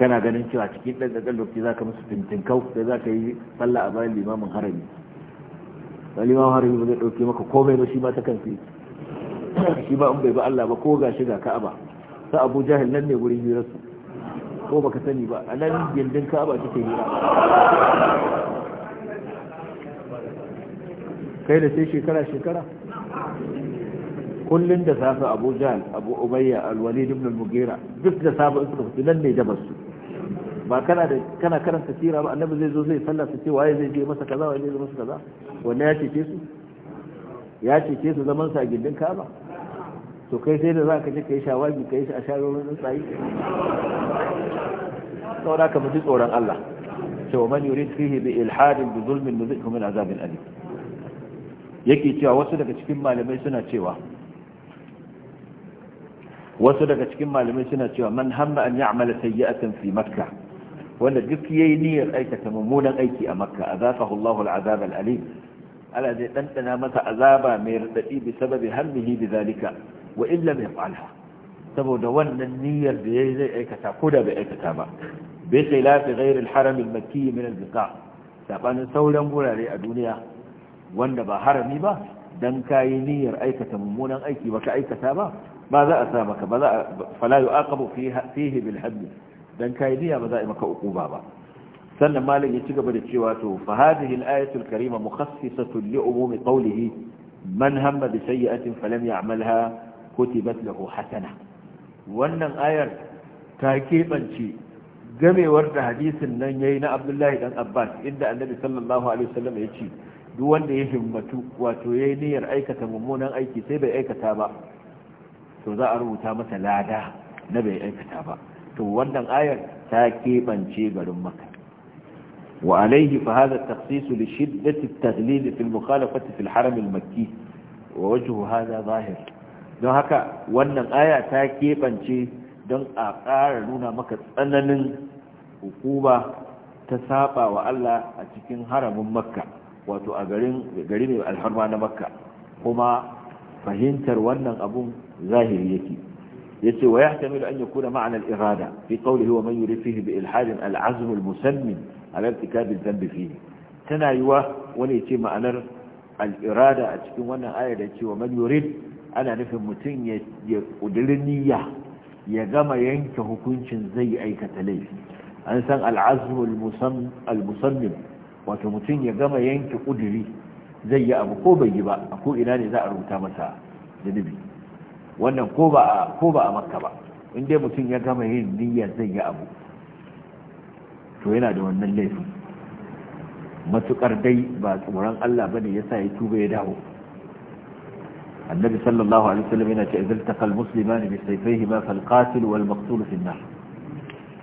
kana ganin cewa cikin ɗan ɗan lokaci za ka musu fintinkau da za ka yi sallah a bayan limamin harami ba limamin harami ba zai ɗauke maka komai ba shi ma ta kan fi shi ba in bai ba Allah ba ko ga shi ga ka'aba sa abu jahil nan ne gurin hirarsu ko baka sani ba a nan gindin ka'aba take hira kai da sai shekara shekara kullun da safe abu jahil abu umayya alwalid ibn al-mughira duk da in suka fito nan ne da basu, ba kana da kana karanta sira ba annabi zai zo zai sallata ce waye zai je masa kaza waye zai masa kaza wanda ya ce su ya cece su zaman sa gindin kaba to kai sai da za ka je ka yi shawagi ka yi shi a shawarar tsuntsaye saboda ka mutu tsoron Allah cewa man yurid fihi bi ilhadin bi zulmin nuzikhu min azabin alim yake cewa wasu daga cikin malamai suna cewa wasu daga cikin malamai suna cewa man hamma an ya'mala sayyi'atan fi makka wanda duk yayi niyyar aikata mummunan aiki a makka azafahu Allahu al'azab al'alim Allah zai ɗanɗana masa azaba mai raɗaɗi bi sababi hammihi bi zalika wa illa bai fa'alha saboda wannan niyyar da yayi zai aikata ko da bai aikata ba bai khilafi ghairi al-haram al-makki min al-biqa sabanin sauran wurare a duniya wanda ba harami ba dan kayi niyyar aikata mummunan aiki ka aikata ba ba za a sa maka ba za fala yu'aqabu fihi bil hadd dan kayi niyya ba za a yi maka uquba ba sannan Malam ya ci gaba da cewa to fa hadhihi al-ayatu al-karima mukhassisatun li umumi qawlihi man hamma bi sayyi'atin falam ya'malha kutibat lahu hasana wannan ayar ta keɓance gamewar da hadisin nan yayi na Abdullahi dan Abbas inda Annabi sallallahu alaihi wasallam ya ce duk wanda ya himmatu wato yayi niyyar aikata mummunan aiki sai bai aikata ba to za a rubuta masa lada na bai aikata ba to wannan ayar ta keɓance garin Makka وعليه فهذا التخصيص لشدة التغليل في المخالفة في الحرم المكي ووجه هذا ظاهر don haka wannan aya ta kebance don a ƙara nuna maka tsananin hukuma ta saba wa Allah a cikin haramin makka wato a garin gari mai alharma na makka kuma fahimtar wannan abun zahiri yake yace wa yahtamilu an yakuna ma'ana ma'anar irada fi qawlihi wa man yurid fihi bi ilhadin al-azm musammin ala tikabin zambi fi tana wa wani ce ma'anar al'irada a cikin wannan ayar da cewa man ana nufin mutum ya ƙudiri niyya ya gama yanke hukuncin zai aikata laifi an san al’azul musammin wato mutum ya gama yanke ƙudiri zai yi abu ko bai yi ba a ko ina ne za a rubuta masa zunubi wannan ko ba a makka ba inda mutum ya gama yin niyyar zai yi abu to yana da wannan laifin matukar dai ba tsoron Allah ba ne ya sa ya tuba ya dawo annabi sallallahu alaihi yana ce idan ta kal muslima ne bai saifai ma fal qatil wal maqtul fi nar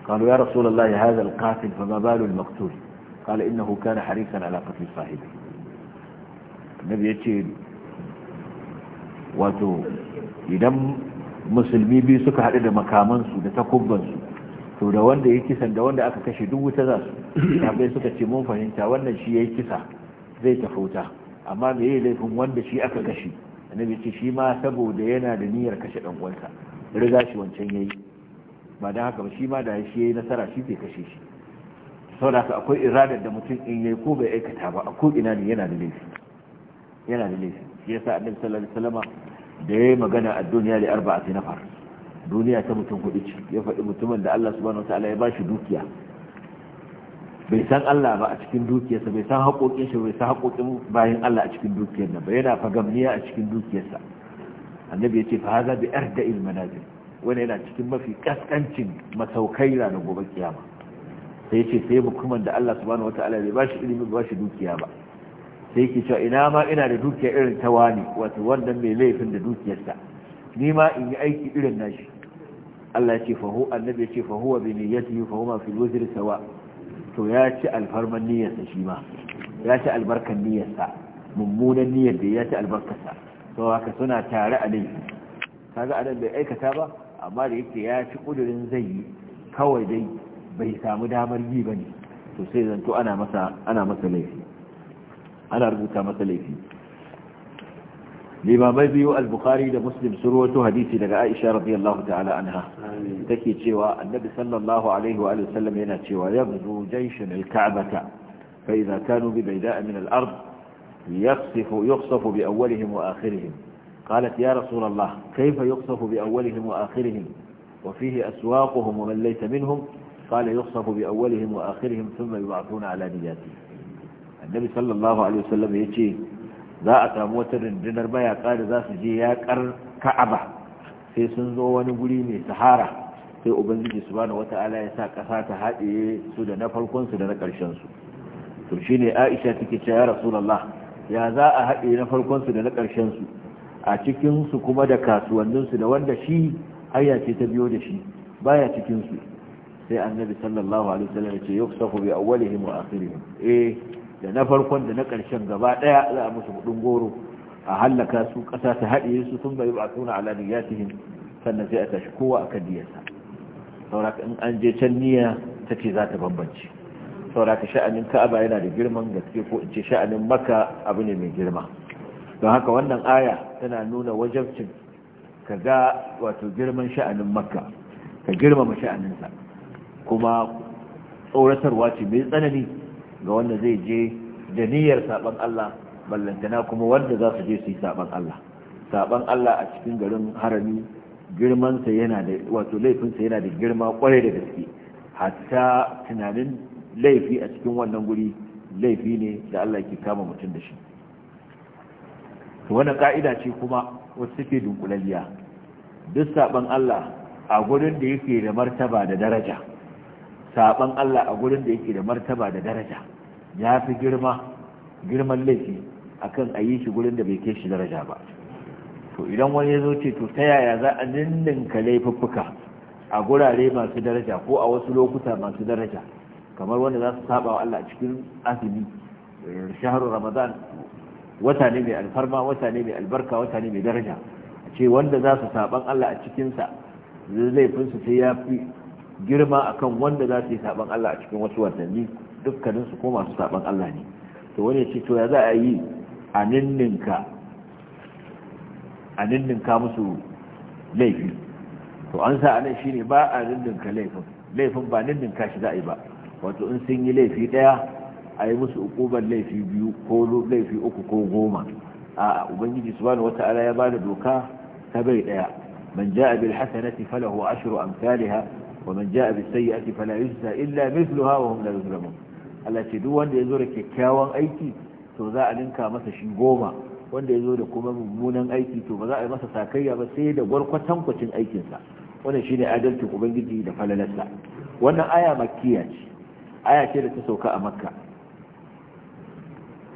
qalu ya rasulullahi hadha al qatil fa ma balu al maqtul qala innahu kana harisan ala qatl sahibi annabi yace wato idan musulmi biyu suka hadu da makamansu da takubbansu su to da wanda ya kisan da wanda aka kashe duk wuta za su sahabbai suka ce mun fahimta wannan shi ya yi kisa zai tafi wuta amma me yi laifin wanda shi aka kashe annabi ce shi ma saboda yana da niyyar kashe dan uwansa riga shi wancan yayi ba dan haka ba shi ma da shi yayi nasara shi zai kashe shi saboda haka akwai iradar da mutum in yayi ko bai aikata ba a ko ina ne yana da laifi yana da laifi shi yasa annabi sallallahu alaihi wasallama da yayi magana a duniya da na nafar duniya ta mutum kudi ce ya faɗi mutumin da Allah subhanahu wataala ya ba dukiya bai san Allah ba a cikin dukiyarsa bai san haƙoƙin bai san haƙoƙin bayan Allah a cikin dukiyar nan ba yana fagamniya a cikin dukiyarsa annabi ya ce fa haza bi arda il manazil wani yana cikin mafi kaskancin masaukai na gobe kiyama sai ce sai mukumin da Allah subhanahu wataala bai bashi ilimi ba shi dukiya ba sai yake cewa ina ma ina da dukiya irin ta wani wato wannan mai laifin da dukiyarsa ni ma in yi aiki irin nashi Allah ya ce fahu annabi ya ce fahu wa bi niyyatihi fa huma fil wizri sawa to ya ci alfarman niyyarsa shi ma ya ci albarkan niyyarsa mummunan niyyar da ya ci albarkarsa to haka suna tare a laifi kaga anan bai aikata ba amma da yake ya ci kudurin zai yi kawai dai bai samu damar yi ba to sai zanto ana masa laifi ana rubuta masa laifi لما مبيو البخاري لمسلم سروة حديث لقاء عائشة رضي الله تعالى عنها تكي تشيوى النبي صلى الله عليه وآله وسلم هنا تشيوى يبذو جيش الكعبة فإذا كانوا ببيداء من الأرض يقصف يقصف بأولهم وآخرهم قالت يا رسول الله كيف يقصف بأولهم وآخرهم وفيه أسواقهم ومن ليس منهم قال يقصف بأولهم وآخرهم ثم يبعثون على نياتهم النبي صلى الله عليه وسلم يتشيه za a samu wata rundunar mayaka da za su je yaƙar ka'aba sai sun zo wani guri mai sahara sai ubangiji wata ala ya sa ƙasa ta haɗe su da na farkon su da na ƙarshen su to shine Aisha take cewa Rasulullah ya za a haɗe na farkonsu su da na ƙarshen su a cikinsu kuma da kasuwanninsu da wanda shi hayya ce ta biyo da shi baya cikin su sai annabi sallallahu alaihi wasallam ya ce yuksafu bi awwalihim wa akhirihim eh da na farkon da na ƙarshen gaba ɗaya za a musu kuɗin goro a hallaka su ƙasa ta haɗe su sun bai ba suna ala tihin, sannan sai a tashi kowa a kan diyarsa. sauraka in an je can niyya ta ce za ta bambance sauraka sha'anin ka'aba yana da girman gaske ko in ce sha'anin maka abu ne mai girma don haka wannan aya tana nuna wajabcin ka ga wato girman sha'anin makka ka girmama sha'aninsa kuma tsoratarwa ce mai tsanani ga wanda zai je da niyyar saban Allah ballantana kuma wanda za su je su yi saban Allah saban Allah a cikin garin harami girmansa yana da wato laifinsa yana da girma kwarai da gaske hatta tunanin laifi a cikin wannan guri laifi ne da Allah ke kama mutum da shi to wannan ka'ida ce kuma wasu suke dunkulaliya duk saban Allah a gurin da yake da martaba da daraja saban Allah a gurin da yake da martaba da daraja ya fi girma girman laifi akan a yi shi gurin da bai ke shi daraja ba to idan wani ya zo ce to ta yaya za a ninninka laifuffuka a gurare masu daraja ko a wasu lokuta masu daraja kamar wanda za su saba wa Allah cikin azumi shaharar ramadan wata ne mai alfarma wata ne mai albarka wata ne mai daraja a ce wanda za su saban Allah a cikinsa zai laifinsu sai ya fi girma akan wanda za su yi saban Allah a cikin wasu watanni dukkanin su ko masu saban Allah ne to wani ce to ya za a yi a ninninka a ninninka musu laifi to an sa anan shine ba a ninninka laifin laifin ba ninninka shi za a yi ba wato in sun yi laifi ɗaya a yi musu ukuban laifi biyu ko laifi uku ko goma a ubangiji subhanahu wata'ala ya bada doka ta bai ɗaya man ja'a bil hasanati falahu ashru amsalha ومن جاء بالسيئة فلا يجزى إلا مثلها وهم لا يظلمون Allah ce duk wanda ya zo da kyakkyawan aiki to za a ninka masa shi goma wanda ya zo da kuma mummunan aiki to ba za a yi masa sakayya ba sai da gwarkwatan kwacin aikinsa wannan shine adalcin ubangiji da falalarsa wannan aya makkiya aya ce da ta sauka a makka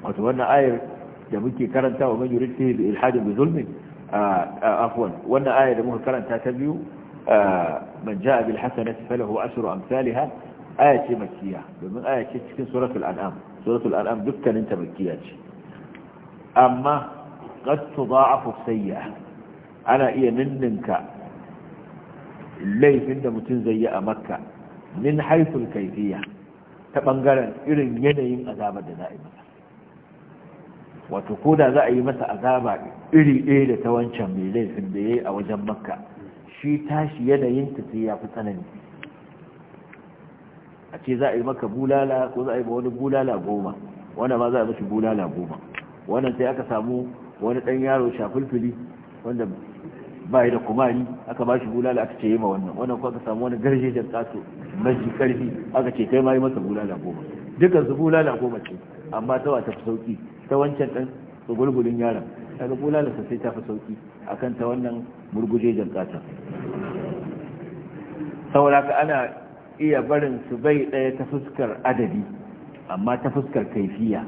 wannan ayar da muke karanta wa man yurid fihi afwan wannan ayar da muka karanta ta biyu man ja'a bil hasanati falahu ashru amsalha aya ce makkiya domin aya ce cikin suratul an'am suratul an'am dukkanin ta makkiya ce amma qad ana iya ninninka laifin da mutum zai yi a makka min haifin kaifiya ta bangaren irin yanayin azabar da za masa wato ko da za a yi masa azaba iri ɗaya da ta wancan mai laifin da ya yi a wajen makka shi tashi yanayin ta ya fi tsanani a ce za a yi maka bulala ko za a yi wani bulala goma wanda ma za a mashi bulala goma wannan sai aka samu wani dan yaro shafulfuli wanda ba da kumari aka ba shi bulala aka ce yi ma wannan wannan ko aka samu wani garje da kato mashi karfi aka ce kai ma yi masa bulala goma dukkan su bulala goma ce amma ta wata sauki ta wancan dan tsugulgulin yaron kaga bulalarsa sai ta fi sauki akan ta wannan jan kata saboda ka ana iya barin su bai ɗaya ta fuskar adadi amma ta fuskar kaifiya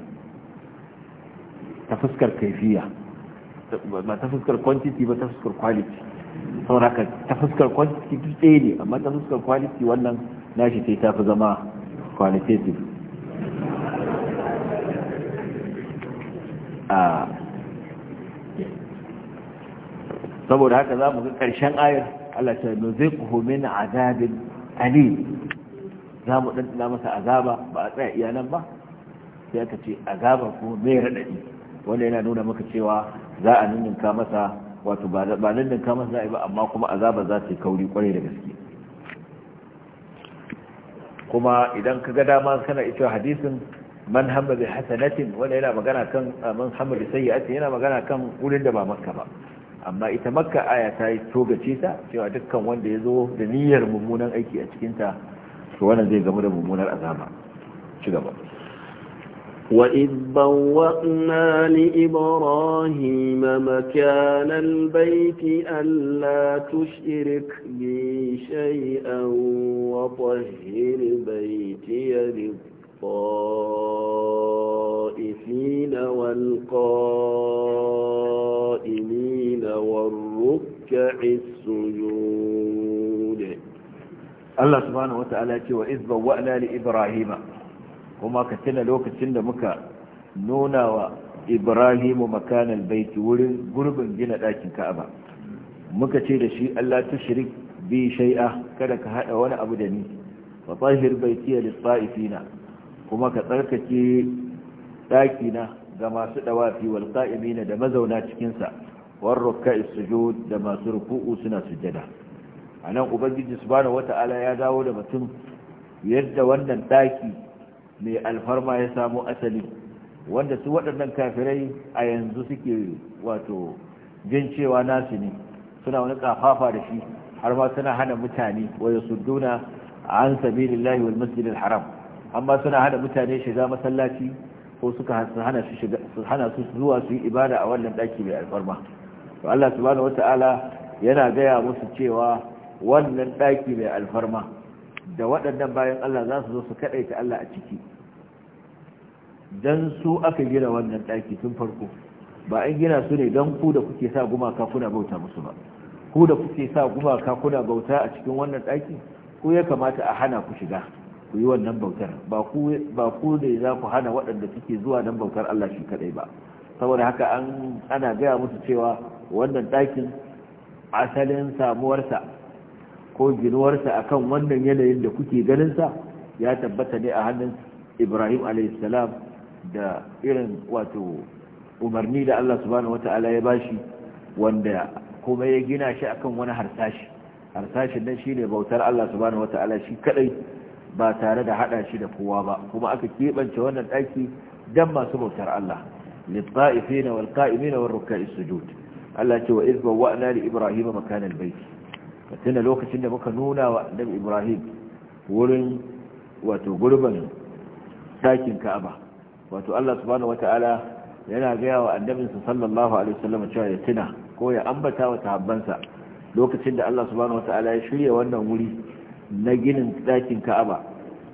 ta fuskar kaifiya ba ta fuskar quantity ba ta fuskar quality saboda ka ta fuskar quantity duk ɗaya ne amma ta fuskar quality wannan nashi sai ta fi zama qualitative ah. saboda haka za mu ga ƙarshen ayar Allah ta nuziquhu min azabin ali za mu ɗanɗana masa azaba ba a tsaya iyanan ba sai aka ce azaba ko mai raɗaɗi wanda yana nuna maka cewa za a ninninka masa wato ba ninninka masa za a yi ba amma kuma azaba za ta yi kauri kwarai da gaske kuma idan ka ga dama kana ita hadisin man hamma bi hasanatin wanda yana magana kan man hamma bi yana magana kan wurin da ba makka ba amma ita makka aya ta yi togace ta cewa dukkan wanda ya zo da niyyar mummunan aiki a cikinta to wannan zai gamu da mummunar azaba ci gaba وإذ بوأنا لإبراهيم مكان البيت ألا تشرك بي شيئا وطهر بيتي والطائفين والقائمين والركع السجود الله سبحانه وتعالى وإذ بوأنا لإبراهيم وما كتنا لوك تند مكا نونا وإبراهيم مكان البيت ورن قرب جنة لكن كأبا مكا تيد شيء ألا تشرك بي شيئا كدك هذا ولا أبدني فطهر بيتي للطائفين kuma ka tsarkake ɗakina ga masu ɗawafi wal qa'imina da mazauna cikin sa war da masu ruku'u suna sujada anan ubangiji subhanahu wata'ala ya dawo da mutum yadda wannan ɗaki mai alfarma ya samo asali wanda su waɗannan kafirai a yanzu suke wato jin cewa nasu ne suna wani kafafa da shi har ma suna hana mutane wa yasudduna an sabilillahi wal masjidil haram amma suna hana mutane shiga masallaci ko suka hana su zuwa su yi ibada a wannan daki mai alfarma to Allah subhanahu wataala yana gaya musu cewa wannan daki mai alfarma da waɗannan bayan Allah za su zo su ta Allah a ciki dan su aka gina wannan daki tun farko ba an gina su ne dan ku da kuke sa gumaka kuna bauta musu ba ku da kuke sa gumaka kuna bauta a cikin wannan daki ku ya kamata a hana ku shiga ku yi wannan bautar ba ku ne za ku hana waɗanda suke zuwa nan bautar Allah shi kaɗai ba saboda haka an ana gaya musu cewa wannan ɗakin asalin samuwarsa ko ginuwarsa akan wannan yanayin da kuke ganin sa ya tabbata ne a hannun ibrahim alaihissalam da irin wato umarni da Allah subhanahu wata'ala ya bashi wanda kuma ya gina shi akan wani harsashi harsashin nan shine bautar Allah subhanahu wata'ala shi kadai ba tare da hada shi da kowa ba kuma aka keɓance wannan ɗaki dan masu bautar Allah للطائفين والقائمين والركاع السجود Allah ce wa izba wa ana li Ibrahim makan albayt tunda lokacin da muka nuna wa annabi Ibrahim wurin wato gurban dakin Ka'aba wato Allah subhanahu wataala yana gaya wa annabin sallallahu alaihi wasallam cewa ya tuna ko ya ambata wa tahabbansa. lokacin da Allah subhanahu wataala ya shirya wannan wuri na ginin ɗakin ka'aba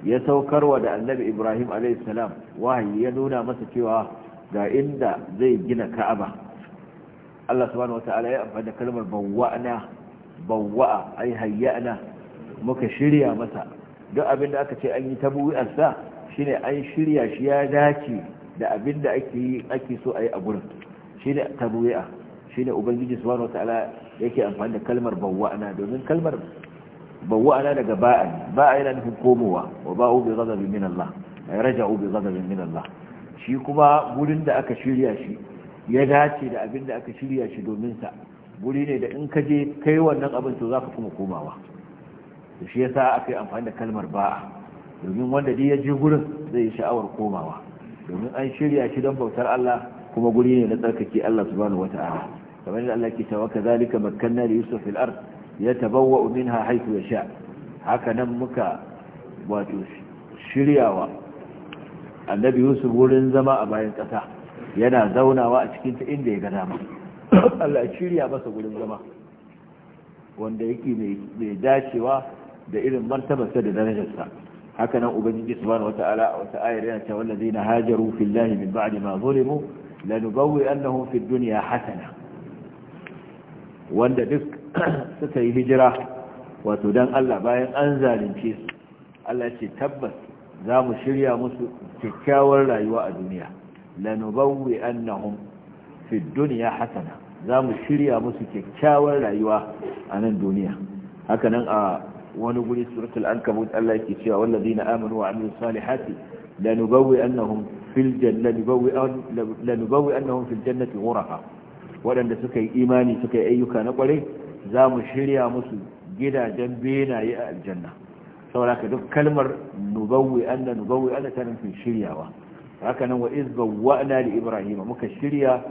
ya saukarwa da annabi ibrahim salam wahayi ya nuna masa cewa ga inda zai gina ka'aba allah subhanahu wa ta'ala ya amfani da kalmar bawwa'na bawwa'a ai hayya'na muka shirya masa duk abin da aka ce an yi shi shine an shirya shi ya dace da abin da ake yi ake so a yi a gurin shine tabuwi'a shine ubangiji subhanahu wa ta'ala yake amfani da kalmar bawwa'na domin kalmar bawwa'ana daga ba'a ba'a yana nufin komowa wa ba'u bi ghadabin min Allah ay raja'u bi ghadabin min Allah shi kuma gurin da aka shirya shi ya dace da abin da aka shirya shi domin sa guri ne da in ka je kai wannan abin to zaka kuma komawa to shi yasa aka yi amfani da kalmar ba'a domin wanda dai ya je gurin zai yi sha'awar komawa domin an shirya shi don bautar Allah kuma guri ne na tsarkake Allah subhanahu wata'ala kamar da Allah ke cewa kazalika makkanna li yusuf fil ard ya tabawwa minha haitu ya sha hakanan muka wato shiryawa annabi yusuf wurin zama a bayan ƙasa yana zaunawa a cikin ta inda ya ga dama Allah shirya masa wurin zama wanda yake mai dacewa da irin martabarsa da darajarsa haka nan ubangiji subhanahu wata'ala a wata ayar yana cewa na hajaru fillahi min ba'di ma zulimu lanubawwi annahum fid dunya hasana wanda duk suka yi hijira wato don Allah bayan an zalunce su Allah ce tabbas za mu shirya musu kyakkyawar rayuwa a duniya lanubawwi annahum fi duniya hasana za mu shirya musu kyakkyawar rayuwa a nan duniya hakanan a wani guri suratul ankabut Allah yake cewa wallazina amanu wa amilus salihati lanubawwi annahum fil jannati lanubawwi annahum fil jannati ghurafa waɗanda suka yi imani suka yi ayyuka na kwarai za mu shirya musu gidajen benaye a aljanna saboda duk kalmar nubawwi anna nubawwi anna ta nufin shiryawa haka nan wa izbawwa'na li ibrahim muka shirya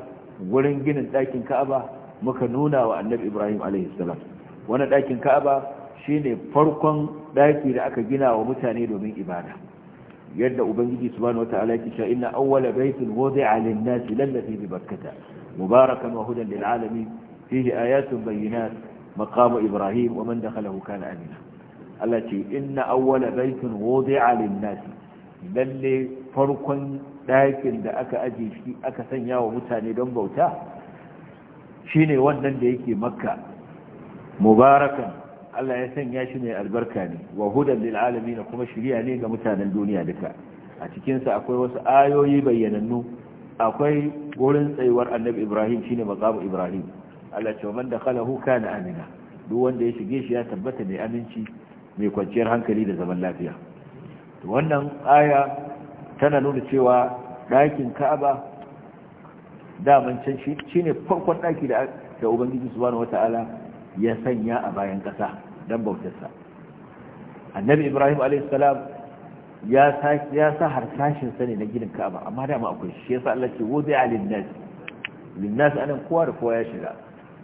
wurin ginin ɗakin ka'aba muka nuna wa annabi ibrahim alaihi wani wannan ɗakin ka'aba shine farkon ɗaki da aka gina wa mutane domin ibada yadda ubangiji bani wata alaƙi sha inna awwala baitin wudi'a lin-nasi lallazi bi bakkata mubarakan wa hudan lil-alamin fihi ayatun bayyana maqamu ibrahim wa man dakhalahu kana amina Allah ce inna awwala baytin wudi'a lin-nas lalle farkon dakin da aka aje shi aka sanya wa mutane don bauta shine wannan da yake makka mubarakan Allah ya sanya shi ne albarka ne wa da lil alamin kuma shiriya ne ga mutanen duniya duka a cikinsa akwai wasu ayoyi bayyanannu akwai wurin tsayuwar annabi ibrahim shine maqamu ibrahim Allah ce man dakhalahu kana amina duk wanda ya shige shi ya tabbata mai aminci mai kwanciyar hankali da zaman lafiya to wannan aya tana nuna cewa ɗakin Ka'aba daman can shi shine farkon ɗaki da da Ubangiji subhanahu wata'ala ya sanya a bayan ƙasa dan bautarsa Annabi Ibrahim alayhi ya sa ya harsashin ne na gidan Ka'aba amma dama akwai shi yasa Allah ce wudi'a lin-nas lin anan kowa da kowa ya shiga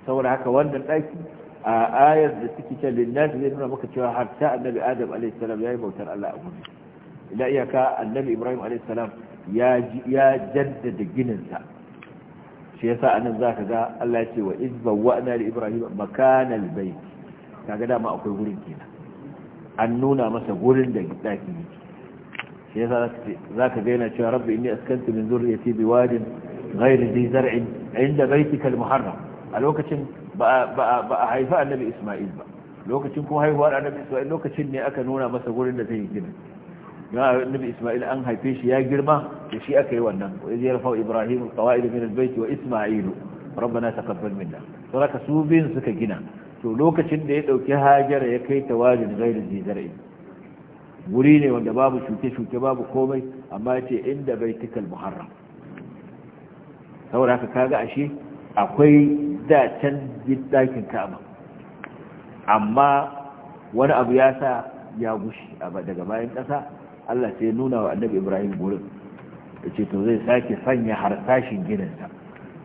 saboda haka wannan daki a ayar da suke ta linnas zai nuna maka cewa ta annabi adam alayhi ya yayi bautar Allah a gurin ila iyaka annabi ibrahim alayhi salam ya jaddada ginin sa shi yasa za ka ga Allah ya ce wa iz bawwa'na li ibrahim makana albayt ga dama akwai wurin kenan an nuna masa gurin da daki shi yasa zaka ga yana cewa rabbi inni askantu min zurriyyati biwadin ghayri dhi zar'in inda baytika al-muharram a lokacin ba a haifi annabi isma'il ba lokacin kuma haihuwar annabi isma'il lokacin ne aka nuna masa gurin da zai yi gina ya annabi isma'il an haife shi ya girma da shi aka yi wannan wa idh yarfa'u ibrahim alqawa'id min albayt wa isma'ilu rabbana taqabbal minna to haka su bin suka gina to lokacin da ya dauki hajara ya kai tawajin ghairu zizar'i wuri ne wanda babu shuke-shuke babu komai amma ce inda baitikal muharram saboda haka kaga ashe akwai dacen dakin kama amma wani abu ya sa ya gushi daga bayan ƙasa Allah sai nuna wa annabi Ibrahim gurin da ce to zai sake sanya harsashin gininsa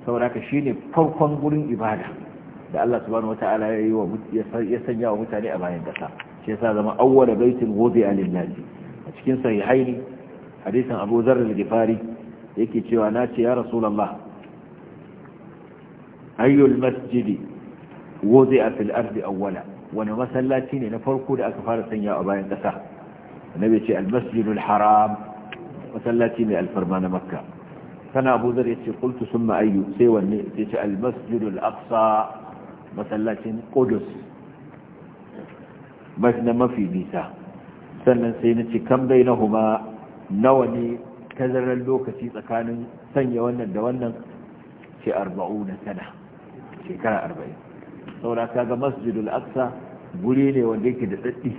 saboda haka shine farkon gurin ibada da Allah subhanahu bani wata ya sanya wa mutane a bayan ƙasa shi ya sa zama awwala baitin a lillaji a cikin sahihaini hadisin Abu zarar al yake cewa na ce ya lallah. ayyul masjidi wuzi a fil ardi awwala wani masallaci ne na farko da aka fara sanya a bayan ƙasa annabi ce al haram masallaci mai alfarma na makka kana abu zar yace qultu summa sai wanne sai ce al masjidul masallacin qudus na mafi nisa sannan sai na ce na bainahuma nawa ne tazarar lokaci tsakanin sanya wannan da wannan ce arba'una tana. shekara arba'in saboda ga masjidul aqsa guri ne wanda yake da tsaddi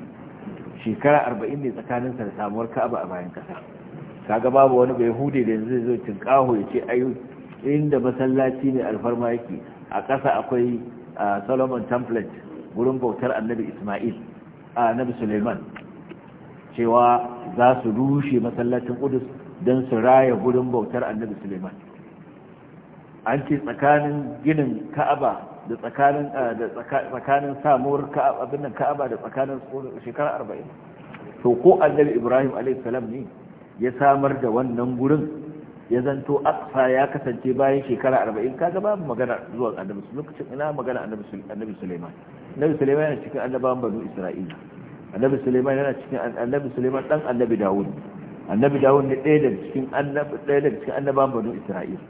shekara arba'in ne tsakanin tsakaninsa da samuwar ka'aba a bayan kasa kaga babu wani bai hude da zai zo tinkaho ya ce ayu inda masallaci ne alfarma yake a ƙasa akwai solomon template gurin bautar annabi ismail annabi suleiman cewa za su rushe masallacin kudus don su raya gurin bautar annabi suleiman an ce tsakanin ginin ka'aba da tsakanin eh, tsakanin samuwar ka'aba abin nan ka'aba da tsakanin shekara 40 to ko annabi Ibrahim alaihi ne ya samar da wannan gurin ya zanto aqsa ya kasance bayan shekara 40 kaga babu magana zuwa annabi lokacin ina magana annabi annabi yana cikin annabawan banu Isra'ila annabi Suleiman yana cikin annabi Sulaiman dan annabi Dawud annabi Dawud ne ɗaya daga cikin ɗaya daga cikin annabawan banu Isra'ila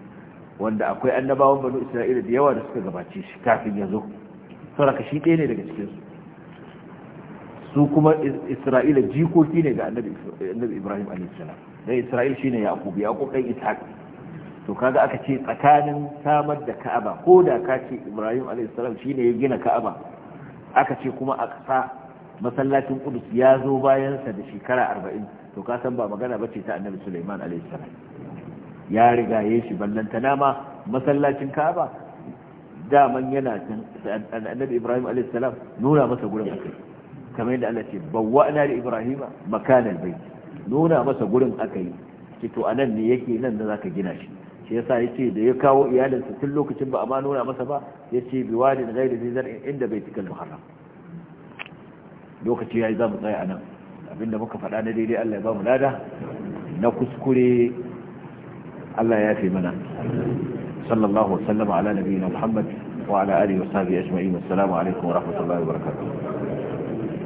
wanda akwai annabawan banu isra'ila da yawa da suka gabace shi kafin ya zo sauraka shi ɗaya ne daga cikinsu su kuma isra'ila jikoki ne ga annabi ibrahim alaihissalam dan isra'il shine yaqub ya dan ishaq to kaga aka ce tsakanin samar da ka'aba ko da ka ce ibrahim alaihissalam shine ya gina ka'aba aka ce kuma a ƙasa masallacin kudus ya zo bayansa da shekara arba'in to ka san ba magana bace ta annabi suleiman alaihissalam ya riga ya shi ballantana ma masallacin kaba daman yana annabi ibrahim a.s. nuna masa gurin akai kamar yadda Allah ce bawwa'na da ibrahim makanan bai nuna masa gurin akai ce to anan ne yake nan da zaka gina shi shi yasa ce da ya kawo iyalinsa tun lokacin ba a ma nuna masa ba yace da wadin ghairi zizar inda baitikal muharram lokaci za zamu tsaya anan abinda muka faɗa na daidai Allah ya ba mu lada na kuskure الله يأتي منا صلى الله وسلم على نبينا محمد وعلى آله وصحبه أجمعين السلام عليكم ورحمة الله وبركاته